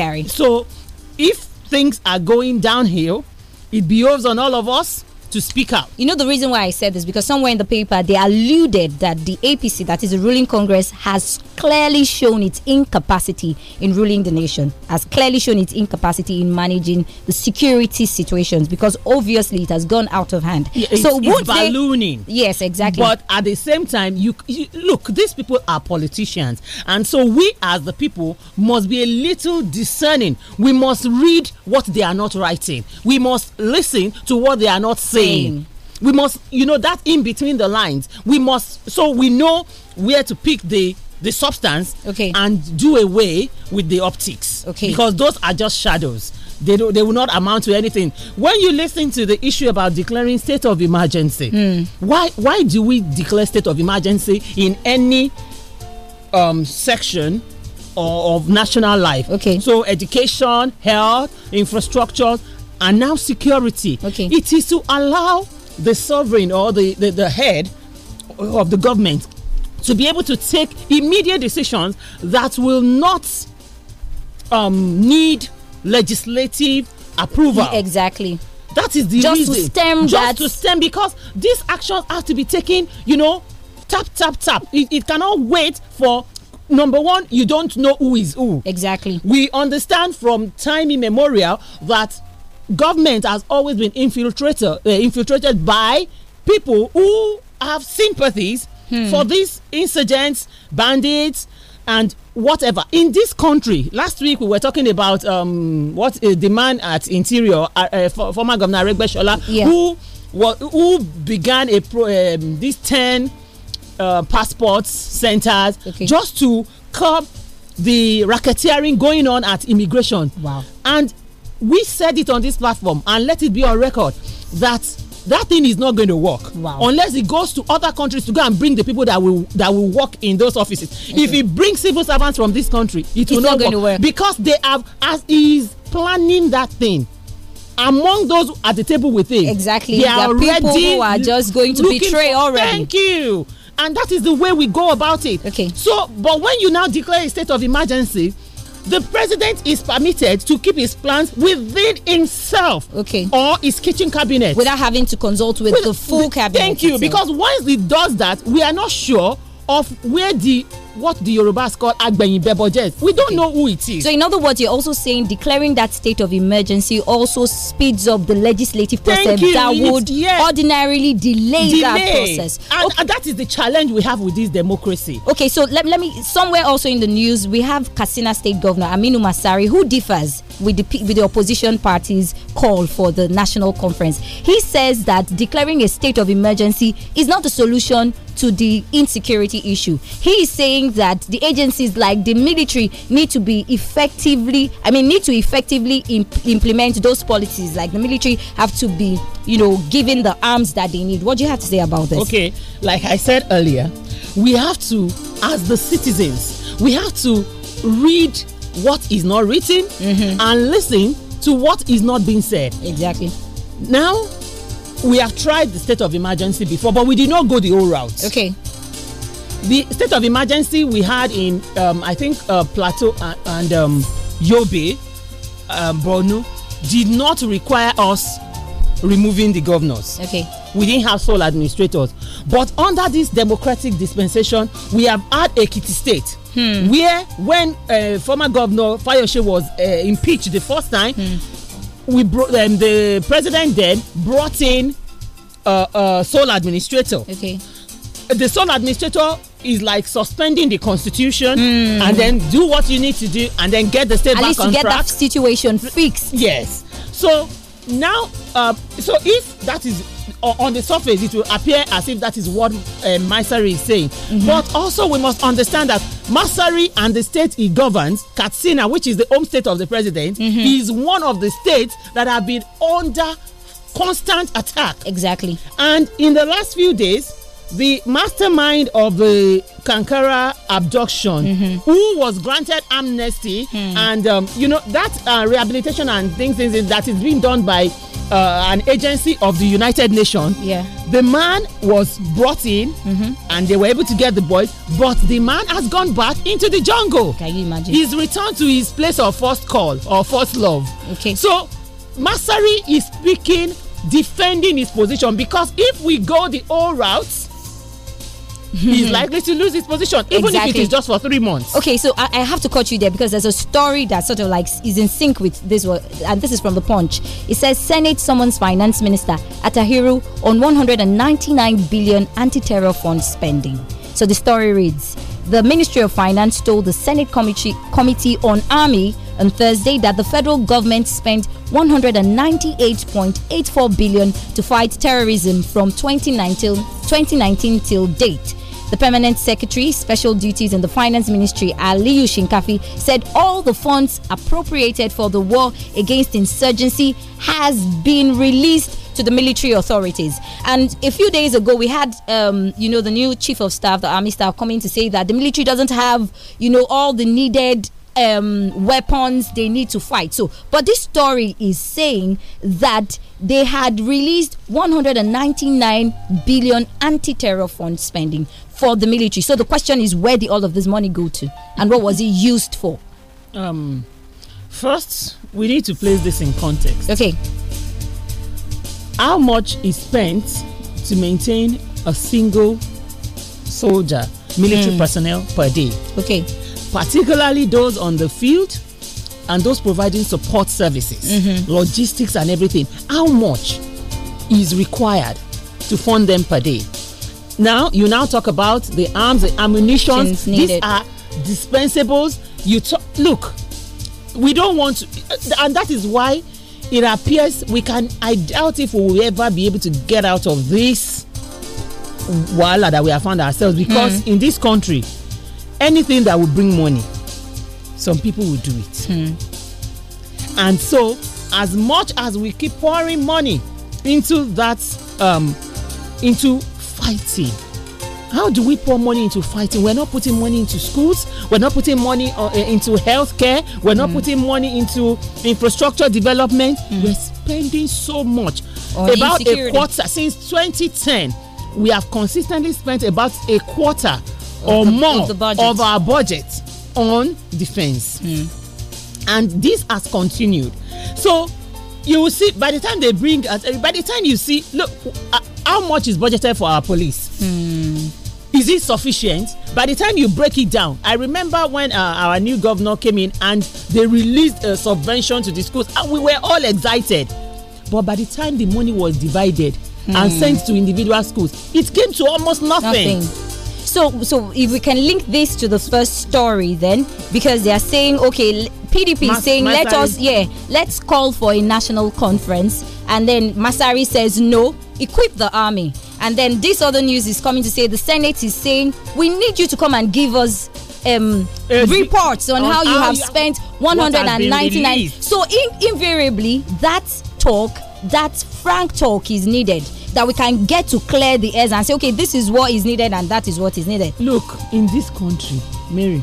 Gary. So if things are going downhill, it behoves on all of us to speak out. You know, the reason why I said this because somewhere in the paper they alluded that the APC, that is the ruling Congress, has clearly shown its incapacity in ruling the nation, has clearly shown its incapacity in managing the security situations because obviously it has gone out of hand. Yeah, so, it's ballooning. They, yes, exactly. But at the same time, you, you look, these people are politicians, and so we as the people must be a little discerning. We must read what they are not writing, we must listen to what they are not saying saying. We must, you know, that in between the lines. We must, so we know where to pick the the substance okay. and do away with the optics. Okay. Because those are just shadows. They do, they will not amount to anything. When you listen to the issue about declaring state of emergency, mm. why why do we declare state of emergency in any um, section of, of national life? Okay. So education, health, infrastructure, and now security. Okay. It is to allow the sovereign or the, the, the head of the government to be able to take immediate decisions that will not um, need legislative approval. Exactly. That is the just reason. to stem just that. to stem because these actions have to be taken. You know, tap tap tap. It, it cannot wait for. Number one, you don't know who is who. Exactly. We understand from time immemorial that government has always been infiltrated, uh, infiltrated by people who have sympathies hmm. for these insurgents, bandits, and whatever in this country last week we were talking about um, what uh, the man at interior uh, uh, for, former governor Regbeshola yeah. who who began a pro, um, these 10 uh, passport centers okay. just to curb the racketeering going on at immigration wow and we said it on this platform and let it be on record that that thing is not going to work wow. unless it goes to other countries to go and bring the people that will that will work in those offices okay. if it brings civil servants from this country it it's will not, not work, work, because they have as is planning that thing among those at the table with him exactly they are people who are just going to betray already thank you and that is the way we go about it okay so but when you now declare a state of emergency the president is permitted to keep his plans within himself okay. or his kitchen cabinet. Without having to consult with, with the full cabinet. Thank you, because once he does that, we are not sure of where the what the Yorubas call Agbenyimbe budget. We don't okay. know who it is. So in other words, you're also saying declaring that state of emergency also speeds up the legislative process that would yes. ordinarily delay, delay, that process. And, okay. and, that is the challenge we have with this democracy. Okay, so let, let me, somewhere also in the news, we have Kasina State Governor Aminu Masari who differs with the, with the opposition party's call for the national conference. He says that declaring a state of emergency is not the solution to the insecurity issue. He is saying that the agencies like the military need to be effectively, I mean, need to effectively imp implement those policies. Like the military have to be, you know, given the arms that they need. What do you have to say about this? Okay, like I said earlier, we have to, as the citizens, we have to read what is not written mm -hmm. and listen to what is not being said. Exactly. Now, we have tried the state of emergency before, but we did not go the whole route. Okay. The state of emergency we had in, um, I think, uh, Plateau and, and um, Yobe, um, Borno, did not require us removing the governors. Okay. We didn't have sole administrators. But under this democratic dispensation, we have had a kitty State hmm. where when uh, former governor Fayose was uh, impeached the first time, hmm. we brought um, the president then brought in uh, uh, sole administrator. Okay. The sole administrator is like suspending the constitution mm. and then do what you need to do and then get the state At back least on get track. that situation fixed. Yes. So now, uh, so if that is on the surface, it will appear as if that is what uh, Masari is saying. Mm -hmm. But also, we must understand that Masari and the state he governs, Katsina, which is the home state of the president, mm -hmm. is one of the states that have been under constant attack. Exactly. And in the last few days, the mastermind of the Kankara abduction, mm -hmm. who was granted amnesty, mm. and um, you know that uh, rehabilitation and things, things that is being done by uh, an agency of the United Nations. Yeah. The man was brought in, mm -hmm. and they were able to get the boys, but the man has gone back into the jungle. Can you imagine? He's returned to his place of first call or first love. Okay. So, Masari is speaking, defending his position because if we go the old route he's hmm. likely to lose his position, even exactly. if it is just for three months. Okay, so I, I, have to cut you there because there's a story that sort of like is in sync with this one, and this is from the Punch. It says Senate summons Finance Minister Atahiru on 199 billion anti-terror fund spending. So the story reads: The Ministry of Finance told the Senate Committee Committee on Army on Thursday that the federal government spent 198.84 billion to fight terrorism from 2019, 2019 till date the Permanent Secretary, Special Duties in the Finance Ministry, Aliyu Shinkafi, said all the funds appropriated for the war against insurgency has been released to the military authorities. And a few days ago, we had, um, you know, the new chief of staff, the army staff, coming to say that the military doesn't have, you know, all the needed um, weapons they need to fight. So, but this story is saying that they had released 199 billion anti-terror fund spending for the military. So the question is, where did all of this money go to, and what was it used for? Um, first, we need to place this in context. Okay. How much is spent to maintain a single soldier, military mm. personnel per day? Okay. Particularly those on the field and those providing support services, mm -hmm. logistics, and everything. How much is required to fund them per day? now you now talk about the arms the ammunition these are dispensables you talk look we don't want to, and that is why it appears we can i doubt if we will ever be able to get out of this wala that we have found ourselves mm. because mm. in this country anything that will bring money some people will do it mm. and so as much as we keep pouring money into that um, into fighting. How do we pour money into fighting? We're not putting money into schools. We're not putting money uh, uh into healthcare. We're not mm. putting money into infrastructure development. Mm. We're spending so much. Or about a quarter since 2010, we have consistently spent about a quarter or more of, of, our budget on defense. Mm. And this has continued. So you will see by the time they bring us by the time you see look uh, how much is budgeted for our police mm. is it sufficient by the time you break it down i remember when uh, our new governor came in and they released a subvention to the schools and we were all excited but by the time the money was divided mm. and hmm. sent to individual schools it came to almost nothing. nothing so, so if we can link this to the first story, then because they are saying, okay, PDP Mas- saying, Masari. let us, yeah, let's call for a national conference, and then Masari says no, equip the army, and then this other news is coming to say the Senate is saying we need you to come and give us um, uh, reports on, on how you have you spent 199. So in, invariably, that talk, that frank talk is needed that we can get to clear the air and say okay this is what is needed and that is what is needed. look in this country mary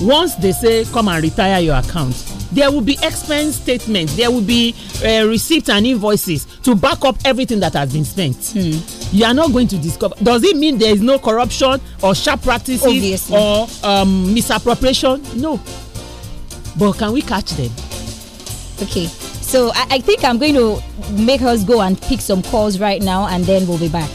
once they say come and retire your account there will be expense statements there will be uh, receipts and invoices to back up everything that has been spent. Hmm. you are not going to discover does it mean there is no corruption or sharp practices Obviously. or um, misappropriation no but can we catch them. okay so I, I think I'm going to make us go and pick some calls right now, and then we'll be back.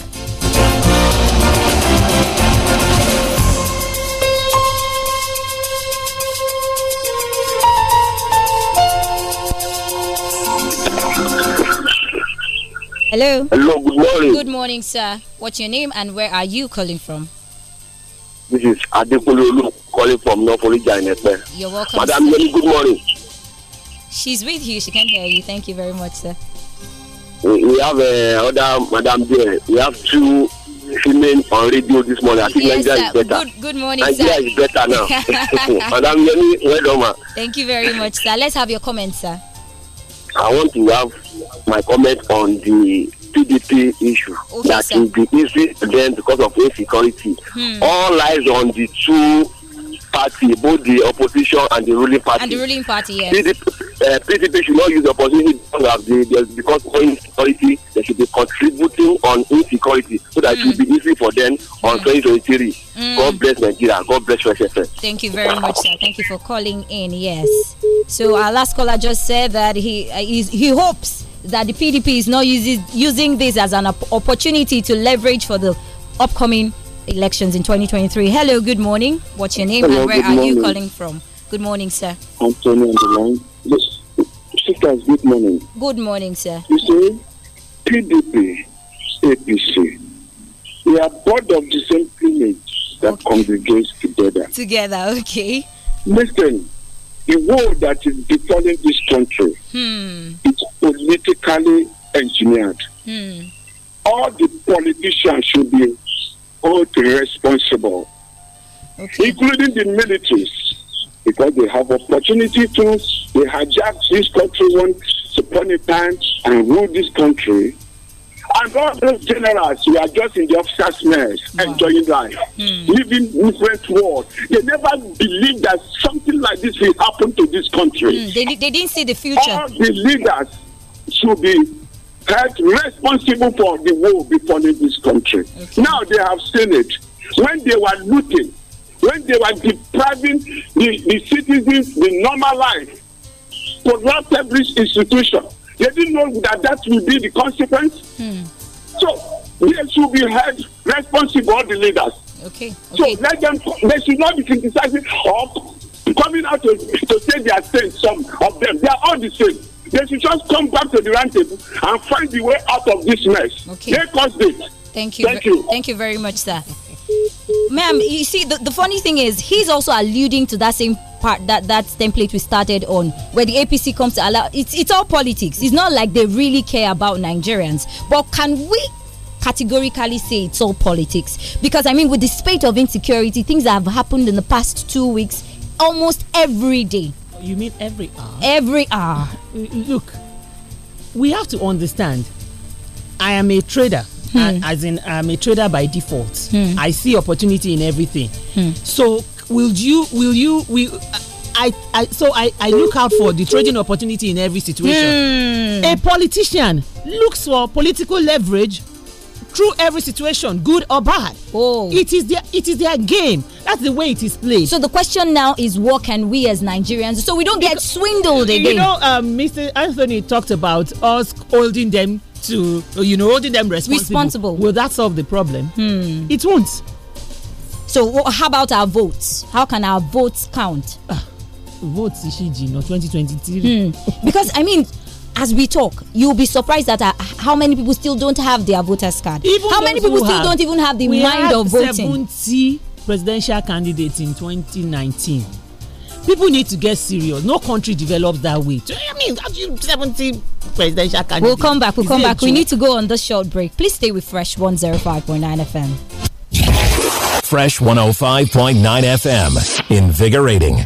Hello. Hello, good morning. Good morning, sir. What's your name and where are you calling from? This is Adekunle calling from North Orija in You're welcome. Madam, good morning. She's with you. She can hear you. Thank you very much, sir. We have uh, other Madam there. We have two women on radio this morning. I think yes, Nigeria sir. is better. Good, good morning, Nigeria sir. is better now. Madam Yemi, welcome. Thank you very much, sir. Let's have your comments, sir. I want to have my comment on the PDP issue okay, that sir. will be easy then because of insecurity. Hmm. All lies on the two party, both the opposition and the ruling party. And the ruling party, yes. PDP, uh, PDP should not use the opportunity the, the, because of insecurity. They should be contributing on insecurity so that mm. it will be mm. easy for them on mm. 2023. Mm. God bless Nigeria. God bless Russia. Thank you very much, sir. Thank you for calling in. Yes. So our last caller just said that he uh, he hopes that the PDP is not using using this as an op opportunity to leverage for the upcoming elections in 2023. Hello, good morning. What's your name Hello, and where are morning. you calling from? Good morning, sir. I'm Tony on the line. Yes, sisters, good morning. Good morning, sir. You see, PDP, APC, we are part of the same lineage that okay. congregates together. Together, okay. Listen, the war that is befalling this country hmm. is politically engineered. Hmm. All the politicians should be hold responsible, okay. including the militaries, because they have opportunity to. They hijack this country once upon a time and rule this country. And all those generals who are just in the officers' mess, wow. enjoying life, mm. living different world. They never believed that something like this will happen to this country. Hmm. They, they didn't see the future. All the leaders should be that responsible for the war befalling this country. Okay. Now they have seen it. When they were looting, when they were depriving the, the citizens the normal life, corrupt every institution, they didn't know that that would be the consequence. Hmm. So they should be held responsible, the leaders. Okay. okay. So let them, they should not be criticizing or coming out to, to say they are saying some of them. They are all the same. They should just come back to the roundtable and find the way out of this mess. Okay. They caused it. Thank you. Thank you. Thank you very much, sir. Ma'am, you see, the, the funny thing is, he's also alluding to that same part that that template we started on where the apc comes to allow it's it's all politics it's not like they really care about nigerians but can we categorically say it's all politics because i mean with the spate of insecurity things that have happened in the past two weeks almost every day you mean every hour? Every hour. Uh, uh, look, we have to understand. I am a trader. Hmm. Uh, as in, I'm a trader by default. Hmm. I see opportunity in everything. Hmm. So, will you? Will you? Will I, I, so I, I look out for the trading opportunity in every situation. Hmm. A politician looks for political leverage through every situation, good or bad. Oh. It is their it is their game. That's the way it is played. So the question now is what can we as Nigerians so we don't because, get swindled again? You know, um, Mr. Anthony talked about us holding them to you know holding them responsible. responsible. Will that solve the problem? Hmm. It won't. So how about our votes? How can our votes count? Uh, votes Ishijino 2023. Hmm. Because I mean as we talk, you'll be surprised at uh, how many people still don't have their voters card. Even how many people still have, don't even have the mind of voting? 70 presidential candidates in 2019. People need to get serious. No country develops that way. I mean, you 70 presidential candidates. We'll come back. We'll Is come back. We need to go on this short break. Please stay with Fresh 105.9 FM. Fresh 105.9 FM. Invigorating.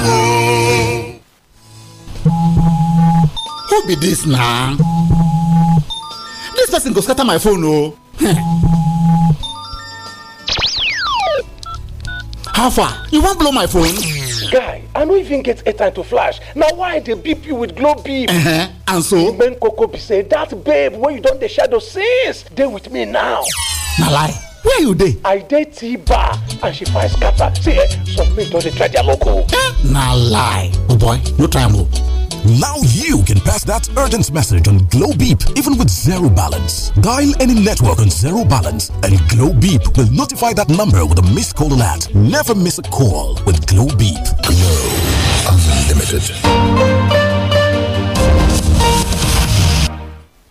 who be this now? This person go scatter my phone oh! how far you won't blow my phone? guy i don't even get airtime to flash Now why they dey beep you with glow beep. Uh -huh. and so? the Coco be say that babe where you done the shadow since They with me now. Now lie where you dey i dey tea bar and she find scatter say so eh, some men don dey try their luck o oh. eh? na lie oh boy no try am o oh. now you can pass that urgent message on Glow Beep even with zero balance. Dial any network on zero balance and Glow Beep will notify that number with a missed call alert. Never miss a call with Glow Beep. Glow Unlimited.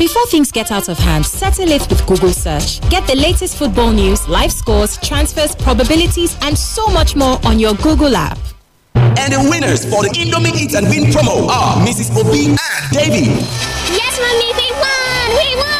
Before things get out of hand, settle it with Google Search. Get the latest football news, live scores, transfers, probabilities, and so much more on your Google app. And the winners for the Indomie Eat and Win promo are Mrs. Obi and Davy. Yes, mommy, we won! We won!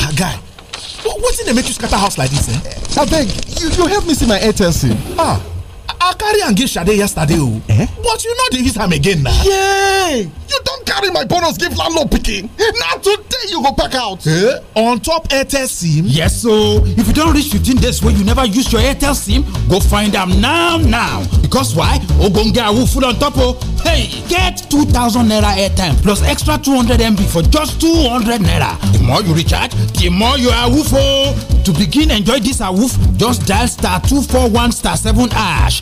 What's in the matrix scatter house like this, eh? beg, you you help me see my airtel sim. ah i carry and give sade yesterday o oh. eh? but you know dey use am again now. yay you don't carry my bonus gift landlord picking. Now today you go pack out eh on top airtel sim yes so if you don't reach 15 days where you never use your airtel sim go find them now now because why get a full on top Oh, hey get 2000 naira airtime plus extra 200mb for just 200 naira the more you recharge the more you woof. Oh, to begin enjoy this awoof just dial star 241 star 7 ash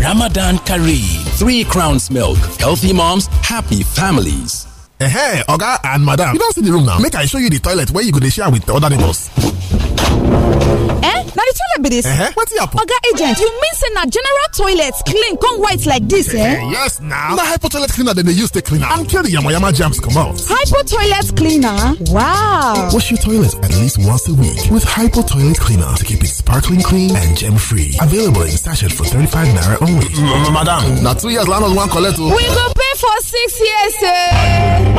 Ramadan Kareem. Three crowns milk. Healthy moms, happy families. Hey, Oga and Madam, you don't see the room now. Make I show you the toilet where you could share with the other neighbors. eh Now the toilet be dis wetin happen. oga agent you mean say na general toilets clean come white like this, eh, eh yes now. na hypo toilet cleaner than they use to clean am and the di jams come out. hypo toilet cleaner wow wash your toilet at least once a week with hypo toilet cleaner to keep it sparkling clean and germ free available in sachet for 35 naira only madam Now two years landlord wan collect o we go pay for six years eh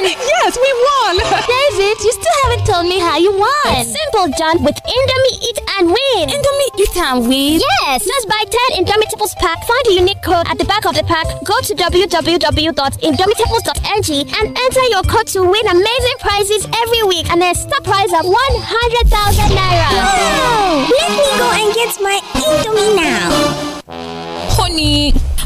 won! Yes, we won! David, you still haven't told me how you won! It's simple, John. With Indomie Eat and Win! Indomie Eat and Win? Yes! Just buy 10 Indomitables pack, find the unique code at the back of the pack, go to www.indomitables.ng and enter your code to win amazing prizes every week and a star prize of 100,000 Naira! Wow! Let me go and get my Indomie now! Honey!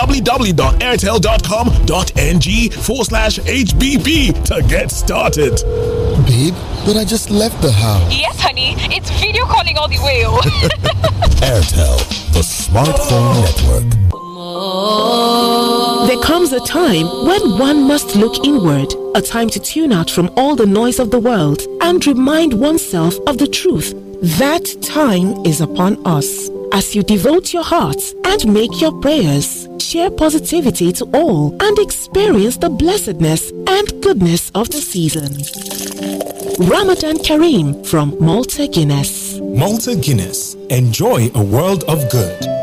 www.airtel.com.ng forward slash HBB to get started. Babe, but I just left the house. Yes, honey. It's video calling all the way. Airtel, the smartphone network. There comes a time when one must look inward, a time to tune out from all the noise of the world and remind oneself of the truth. That time is upon us as you devote your hearts and make your prayers. Share positivity to all and experience the blessedness and goodness of the season. Ramadan Kareem from Malta Guinness. Malta Guinness. Enjoy a world of good.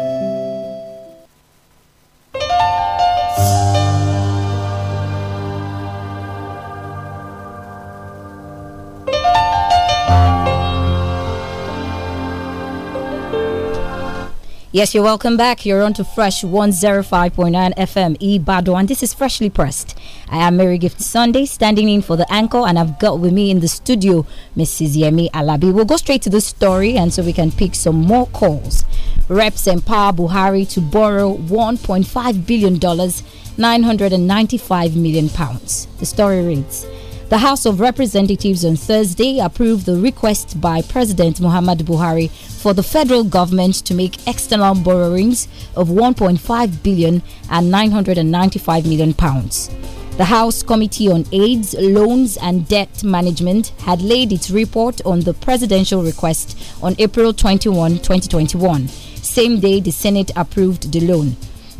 Yes, you're welcome back. You're on to Fresh 105.9 FM Ibado, and this is Freshly Pressed. I am Mary Gift Sunday, standing in for the anchor, and I've got with me in the studio Mrs. Yemi Alabi. We'll go straight to the story, and so we can pick some more calls. Reps empower Buhari to borrow 1.5 billion dollars, 995 million pounds. The story reads. The House of Representatives on Thursday approved the request by President Muhammad Buhari for the federal government to make external borrowings of 1.5 billion and 995 million pounds. The House Committee on AIDS, Loans and Debt Management had laid its report on the presidential request on April 21, 2021. Same day, the Senate approved the loan.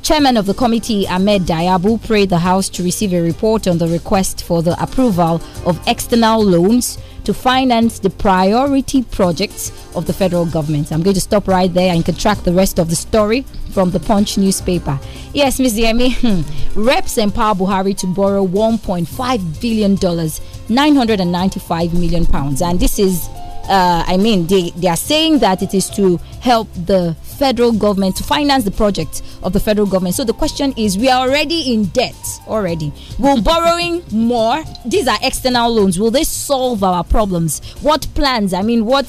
Chairman of the committee, Ahmed Diabu, prayed the House to receive a report on the request for the approval of external loans to finance the priority projects of the federal government. I'm going to stop right there and contract the rest of the story from the Punch newspaper. Yes, Ms. Yemi, reps empower Buhari to borrow $1.5 billion, 995 million pounds. And this is, uh, I mean, they, they are saying that it is to help the federal government to finance the project of the federal government. So the question is we are already in debt already. Will borrowing more, these are external loans, will they solve our problems? What plans, I mean, what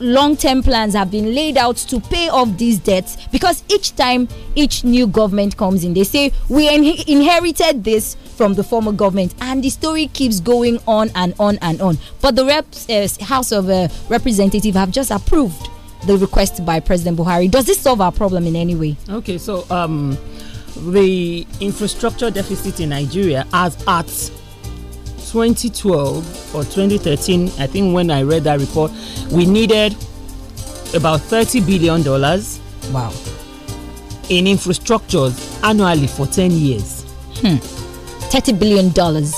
long term plans have been laid out to pay off these debts because each time each new government comes in, they say, We in inherited this from the former government, and the story keeps going on and on and on. But the reps, uh, House of uh, Representatives have just approved the request by President Buhari. Does this solve our problem in any way? Okay, so um, the infrastructure deficit in Nigeria as at 2012 or 2013, I think when I read that report, we needed about 30 billion dollars. Wow. In infrastructures annually for 10 years. Hmm. 30 billion dollars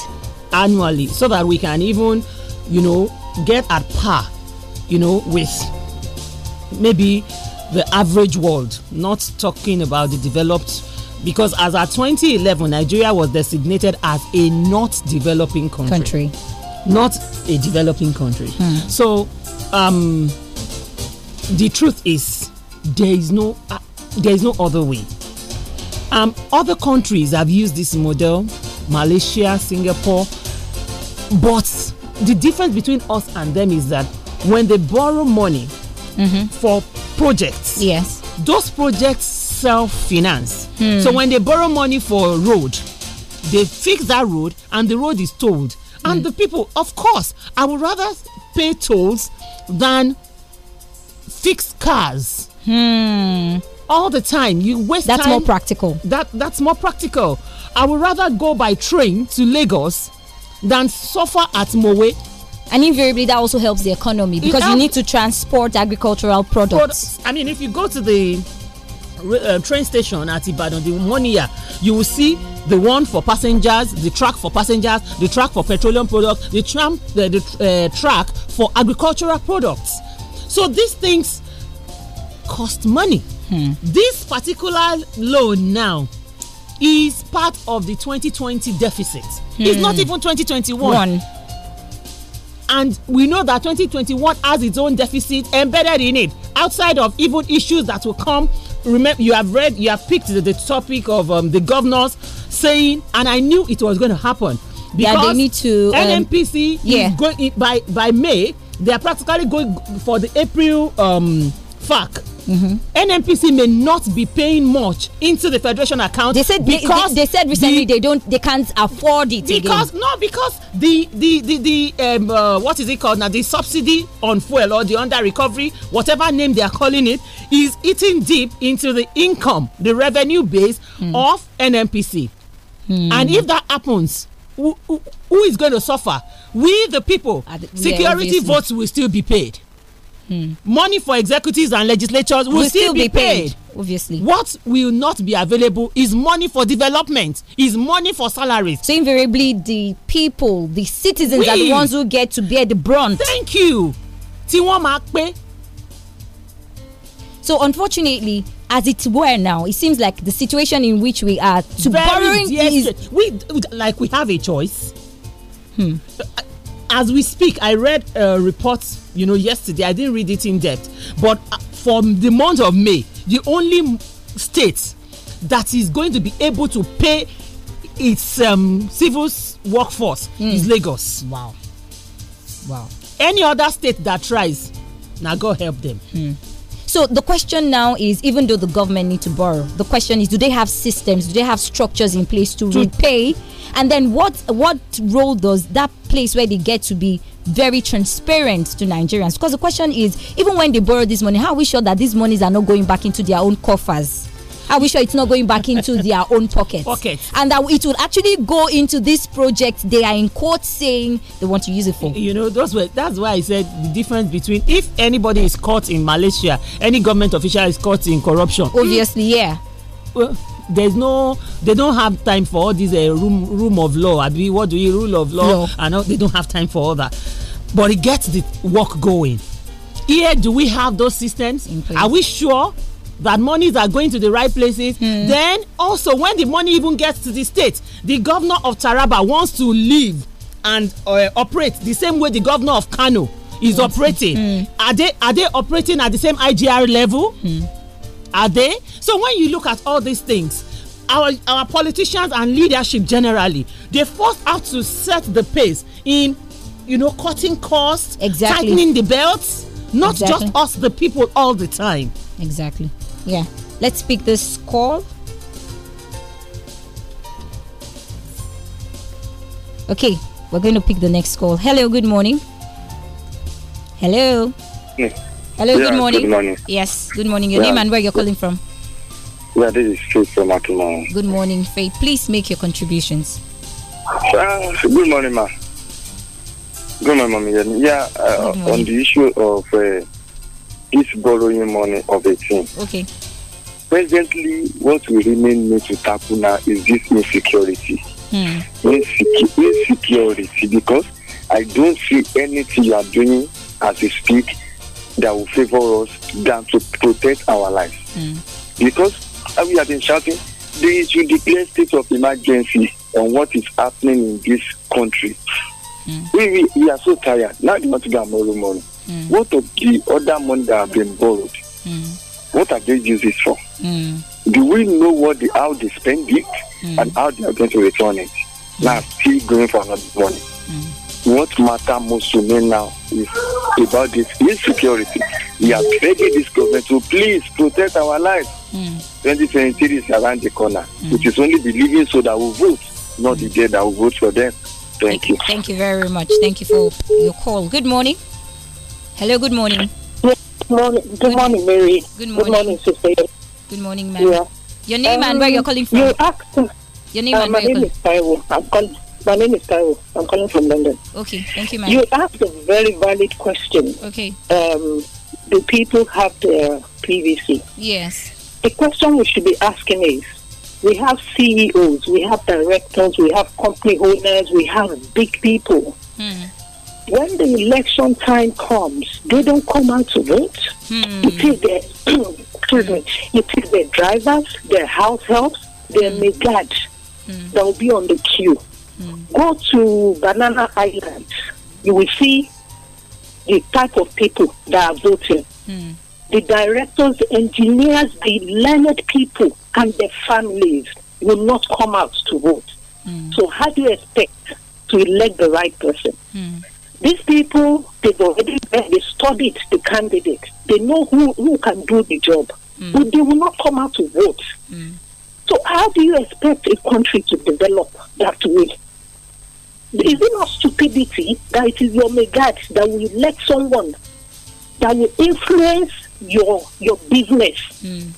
annually so that we can even, you know, get at par, you know, with maybe the average world, not talking about the developed. Because as at 2011, Nigeria was designated as a not developing country. country. Not a developing country. Hmm. So, um, the truth is, there is no, uh, there is no other way. Um, other countries have used this model, Malaysia, Singapore, but the difference between us and them is that when they borrow money Mm-hmm. for projects. Yes. Those projects self finance. Hmm. So when they borrow money for a road, they fix that road and the road is tolled. And mm. the people, of course, I would rather pay tolls than fix cars. Hmm. All the time. You waste That's time. more practical. That that's more practical. I would rather go by train to Lagos than suffer at Mowe and invariably that also helps the economy because you need to transport agricultural products. But, I mean, if you go to the uh, train station at Ibadan, the Monia, you will see the one for passengers, the track for passengers, the track for petroleum products, the tram, the, the uh, track for agricultural products. So these things cost money. Hmm. This particular loan now is part of the 2020 deficit. Hmm. It's not hmm. even 2021. One and we know that 2021 has its own deficit embedded in it, outside of even issues that will come. Remember, you have read, you have picked the, the topic of um, the governors saying, and I knew it was going to happen. Because yeah, they need to. Um, NMPC yeah. going, by, by May, they are practically going for the April um, FAC Mm -hmm. NNPC may not be paying much into the federation account. They said because they, they, they said recently the, they don't they can't afford it because again. no because the the the, the um, uh, what is it called now the subsidy on fuel or the under recovery whatever name they are calling it is eating deep into the income the revenue base mm. of NNPC, mm. and if that happens. Who, who, who is going to suffer? We, the people, the, security yeah, votes will still be paid mm. money for executives and legislators will, will still, still, be, paid. paid. Obviously. What will not be available is money for development, is money for salaries. So invariably the people, the citizens we, are the ones who get to bear the brunt. Thank you. Tí So unfortunately, as it were now, it seems like the situation in which we are to borrowing is we like we have a choice. Hmm. As we speak, I read a report you know, yesterday. I didn't read it in depth. But uh, from the month of May, the only state that is going to be able to pay its um, civil workforce mm. is Lagos. Wow. Wow. Any other state that tries, now go help them. Mm. So the question now is, even though the government need to borrow, the question is, do they have systems? Do they have structures in place to, to repay? And then what what role does that place where they get to be very transparent to Nigerians? Because the question is, even when they borrow this money, how are we sure that these monies are not going back into their own coffers? Are we sure it's not going back into their own pockets? Okay. And that it will actually go into this project they are in court saying they want to use it for. You know, that's why I said the difference between if anybody is caught in Malaysia, any government official is caught in corruption. Obviously, yeah. Well, there's no they don't have time for all this uh, room room of law I mean, what do you rule of law no. know they don't have time for all that but it gets the work going here do we have those systems are we sure that monies are going to the right places mm. then also when the money even gets to the state the governor of taraba wants to leave and uh, operate the same way the governor of kano is yes. operating mm. are they are they operating at the same igr level mm. Are they? So when you look at all these things, our, our politicians and leadership generally, they first have to set the pace in, you know, cutting costs, exactly. tightening the belts, not exactly. just us, the people, all the time. Exactly. Yeah. Let's pick this call. Okay, we're going to pick the next call. Hello, good morning. Hello. Yes. Hello, yeah, good morning. Good morning. Yes, good morning. Your yeah. name and where you're calling from? Yeah, this is Faith from Akimon. Good morning, Faith. Please make your contributions. Uh, good morning, ma. Good morning, mommy. Yeah, uh, morning. on the issue of uh, this borrowing money of a thing. Okay. Presently, what we remain need to tackle now is this insecurity. Hmm. insecurity, because I don't see anything you are doing as you speak that will favor us than to protect our lives. Mm. Because we have been shouting, they should declare state of emergency on what is happening in this country. Mm. We, we, we, are so tired. Now they want to go and money. Mm. What of the other money that have been borrowed? Mm. What are they using it for? Mm. Do we know what the, how they spend it mm. and how they are going to return it? Now, still going for another money what matters most to me now is about this insecurity. We are begging this government to please protect our lives. Mm. 2023 is around the corner. Mm. It is only the living so that we vote, not the dead that we vote for them. Thank, thank you. Thank you very much. Thank you for your call. Good morning. Hello, good morning. Good morning, good, good morning Mary. Good morning. Good morning, sister. Good morning, ma'am. Yeah. Your name um, and where um, you're calling from? You asked. Your name uh, and where you're calling from? I'm calling. My name is Taiwo. I'm calling from London. Okay, thank you, ma'am. You asked a very valid question. Okay. Um, do people have their PVC? Yes. The question we should be asking is we have CEOs, we have directors, we have company owners, we have big people. Hmm. When the election time comes, they don't come out to vote. Hmm. It is their, excuse me, it is their drivers, their house helps, their mm. megad mm. that will be on the queue Go to Banana Island. You will see the type of people that are voting. Mm. The directors, the engineers, the learned people, and their families will not come out to vote. Mm. So, how do you expect to elect the right person? Mm. These people, they've already they studied the candidate. They know who, who can do the job, hmm. but they will not come out to vote. Hmm. So, how do you expect a country to develop that way? Is it not stupidity that it is your megad that will let someone that will influence your your business? Mm.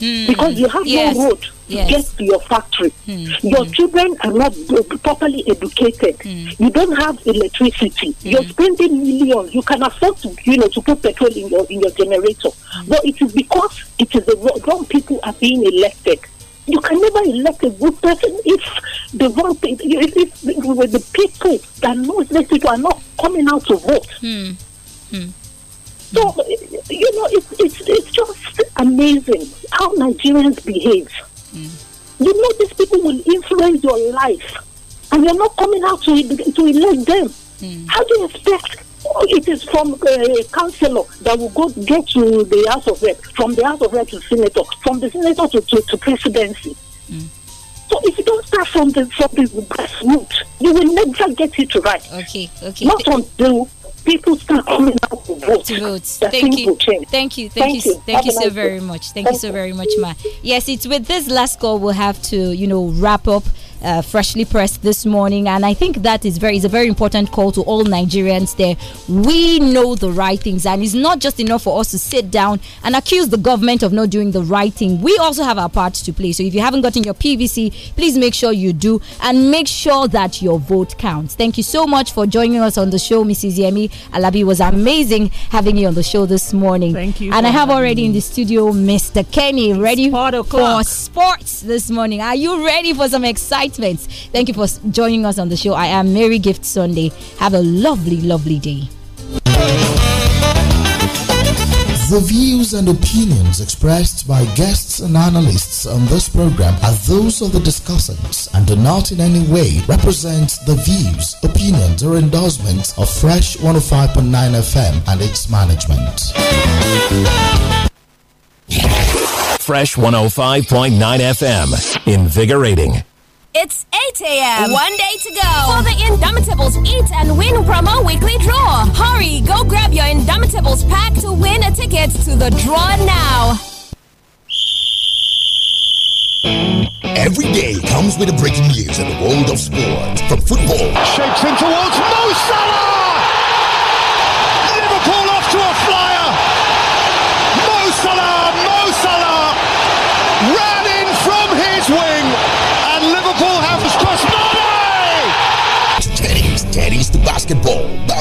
Mm. Because you have yes. no road yes. to get to your factory. Mm. Your hmm. children are not properly educated. Hmm. You don't have electricity. Hmm. You're spending millions. You can afford to, you know, to put petrol in your in your generator. But it is because it is the wrong people are being elected you can never elect a good person if the if, if the people that knows these people are not coming out to vote. Mm. Mm. So you know, it's it's it's just amazing how Nigerians behave. Mm. You know, these people will influence your life, and you're not coming out to to elect them. Hmm. How do you expect Oh, it is from uh, a councillor that will go get to the House of Rep, from the House of Rep to senator, from the senator to, to, to presidency. Mm. So if you don't start from the from the grassroots, you will never get it right. Okay, okay. Not until people start coming out to vote. To vote. Thank you. Change. thank you. Thank, thank you. you. Thank you so nice very day. much. Thank, thank, you so very much, Ma. Yes, it's with this last call we'll have to, you know, wrap up uh, freshly pressed this morning, and I think that is very is a very important call to all Nigerians. There, we know the right things, and it's not just enough for us to sit down and accuse the government of not doing the right thing. We also have our part to play. So if you haven't gotten your PVC, please make sure you do, and make sure that your vote counts. Thank you so much for joining us on the show, Mrs. Yemi Alabi. was amazing having you on the show this morning. Thank you. And I have already me. in the studio Mr. Kenny ready for sports this morning. Are you ready for some excitement? excitement. Thank you for joining us on the show. I am Mary Gift Sunday. Have a lovely, lovely day. The views and opinions expressed by guests and analysts on this program are those of the discussants and do not in any way represent the views, opinions, or endorsements of Fresh 105.9 FM and its management. Fresh 105.9 FM, invigorating. It's 8 a.m. Um, One day to go. For the Indomitables Eat and Win promo weekly draw. Hurry, go grab your Indomitables pack to win a ticket to the draw now. Every day comes with a breaking news in the world of sport. From football. Shapes in towards Mo Salah! basketball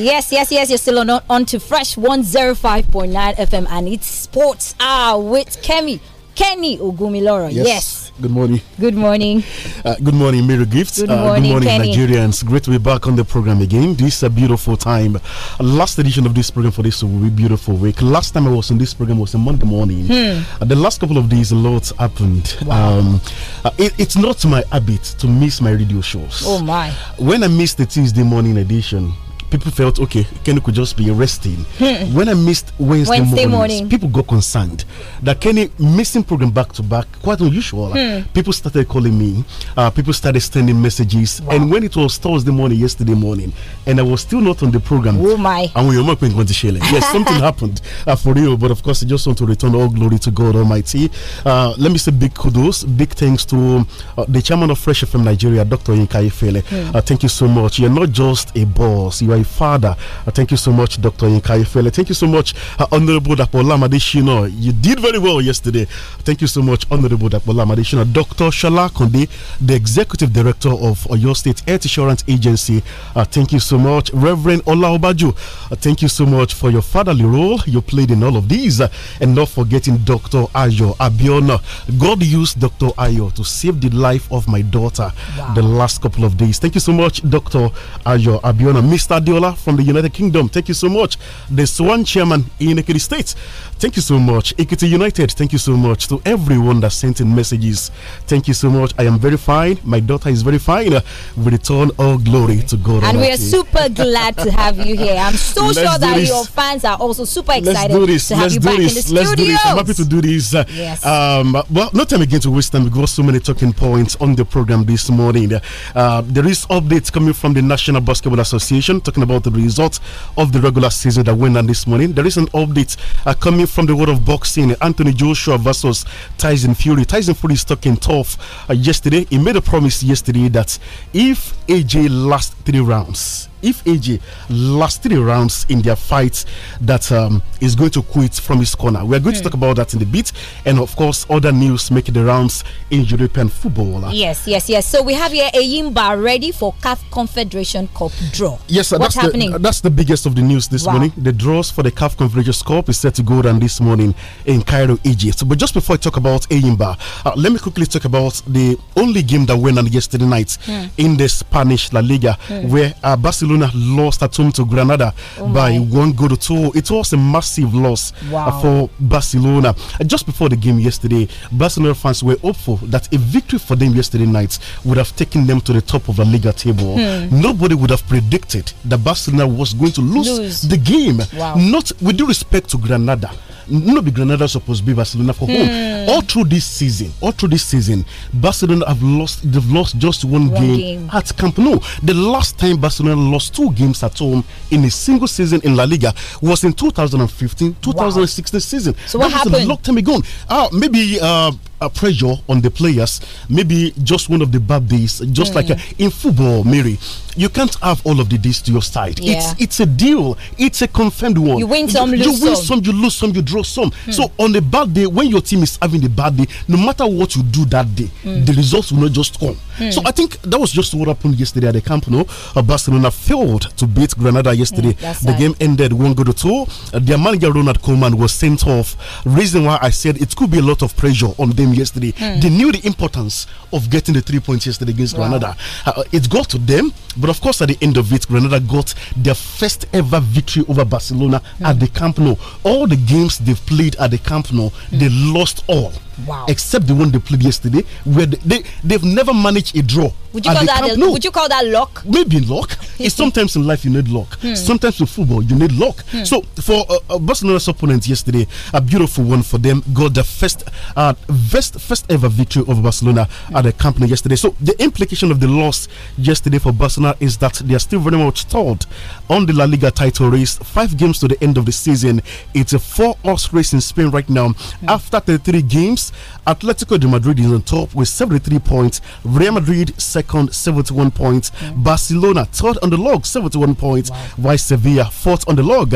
Yes, yes, yes. You're still on on to Fresh 105.9 FM and it's Sports Hour with Kemi. Kenny Ogumiloro. Yes. yes. Good morning. Good morning. Uh, good morning, Mary Gifts. Good morning, uh, good morning Kenny. Nigerians. Great to be back on the program again. This is a beautiful time. Last edition of this program for this will be beautiful week. Last time I was on this program was a Monday morning. Hmm. Uh, the last couple of days, a lot happened. Wow. Um, uh, it, it's not my habit to miss my radio shows. Oh, my. When I missed the Tuesday morning edition, people felt okay, Kenny could just be resting. Hmm. when I missed Wednesday, Wednesday mornings, morning, people got concerned that Kenny missing program back to back, quite unusual. Hmm. People started calling me, uh, people started sending messages, wow. and when it was Thursday morning, yesterday morning, and I was still not on the program. Oh my! And we were not going to Yes, something happened uh, for real, but of course, I just want to return all glory to God Almighty. Uh, let me say big kudos, big thanks to uh, the chairman of Fresh FM Nigeria, Dr. Yinka Ifele. Hmm. Uh, thank you so much. You're not just a boss; you are father. Uh, thank you so much, Dr. Yinka Thank you so much, uh, Honorable Dapola Madeshino. You did very well yesterday. Thank you so much, Honorable Dapola Madeshino. Dr. Shala Konde, the Executive Director of Oyo State Health Insurance Agency. Uh, thank you so much, Reverend Ola Obaju. Uh, thank you so much for your fatherly role you played in all of these. Uh, and not forgetting Dr. Ayo Abiona. God used Dr. Ayo to save the life of my daughter wow. the last couple of days. Thank you so much, Dr. Ayo Abiona. Mr from the United Kingdom. Thank you so much. The Swan chairman in Ekiti State. Thank you so much. Ekiti United. Thank you so much to everyone that sent in messages. Thank you so much. I am very fine. My daughter is very fine. We return all glory to God. And we are super glad to have you here. I'm so Let's sure that this. your fans are also super excited to Let's have you back this. in the Let's do this. I'm happy to do this. Yes. Um, well, no time again to waste time. We've got so many talking points on the program this morning. Uh, there is updates coming from the National Basketball Association talking talking about the results of the regular season that went on this morning. There is an update uh, coming from the world of boxing. Anthony Joshua versus Tyson Fury. Tyson Fury is talking tough uh, yesterday. He made a promise yesterday that if AJ lasts three rounds, if AJ last three rounds in their fight, that um, is going to quit from his corner. We are going mm. to hmm. talk about that in a bit, and of course, other news making the rounds in European football. Yes, yes, yes. So we have here Ayimba ready for CAF Confederation Cup draw. Yes, sir, What's that's happening? The, that's the biggest of the news this wow. morning. The draws for the CAF Confederation Cup is set to go down this morning in Cairo, Egypt. But just before I talk about Ayimba, uh, let me quickly talk about the only game that went on yesterday night mm. in the Spanish La Liga, mm. where uh, Barcelona. Barcelona lost at home to Granada oh by one goal to two. It was a massive loss uh, wow. for Barcelona. Uh, just before the game yesterday, Barcelona fans were hopeful that a victory for them yesterday night would have taken them to the top of the Liga table. Hmm. Nobody would have predicted that Barcelona was going to lose, lose. the game. Wow. Not with due respect to Granada no be Granada supposed to be Barcelona for home. Hmm. All through this season, all through this season, Barcelona have lost. They've lost just one, one game, game, at Camp Nou. The last time Barcelona lost two games at home in a single season in La Liga was in 2015-2016 wow. season. So that what happened? A long time ago. Uh, maybe uh, uh, pressure on the players. Maybe just one of the bad days, just mm. like uh, in football, Mary. You can't have all of the days to your side. Yeah. It's it's a deal. It's a confirmed one. You win some, you, you win some. some. you lose some, you draw some. Hmm. So on the bad day, when your team is having a bad day, no matter what you do that day, hmm. the results will not just come. Hmm. So I think that was just what happened yesterday at the Camp no? Uh, Barcelona failed to beat Granada yesterday. the right. game ended one goal to two. Uh, their manager Ronald Koeman was sent off. Reason why I said it could be a lot of pressure on them game yesterday. Mm. They knew the importance of getting the three points yesterday against wow. Granada. Uh, it got to them, but of course, at the end of it, Granada got their first ever victory over Barcelona mm. at hmm. the Camp Nou. All the games they've played at the Camp Nou, they hmm. lost all. Wow. Except the one they played yesterday, where they, they have never managed a draw. Would you, call that, a, no. would you call that luck? Maybe luck. it's sometimes in life you need luck. Hmm. Sometimes in football you need luck. Hmm. So for uh, uh, Barcelona's opponent yesterday, a beautiful one for them. Got the first, uh, first, first ever victory over Barcelona hmm. at the Camp Nou yesterday. So the implication of the loss yesterday for Barcelona is that they are still very much stalled on the La Liga title race. Five games to the end of the season. It's a four-horse race in Spain right now. Hmm. After the three games. Atletico de Madrid is on top with 73 points. Real Madrid second, 71 points. Mm. Barcelona third on the log, 71 points. Wow. Sevilla fourth on the log,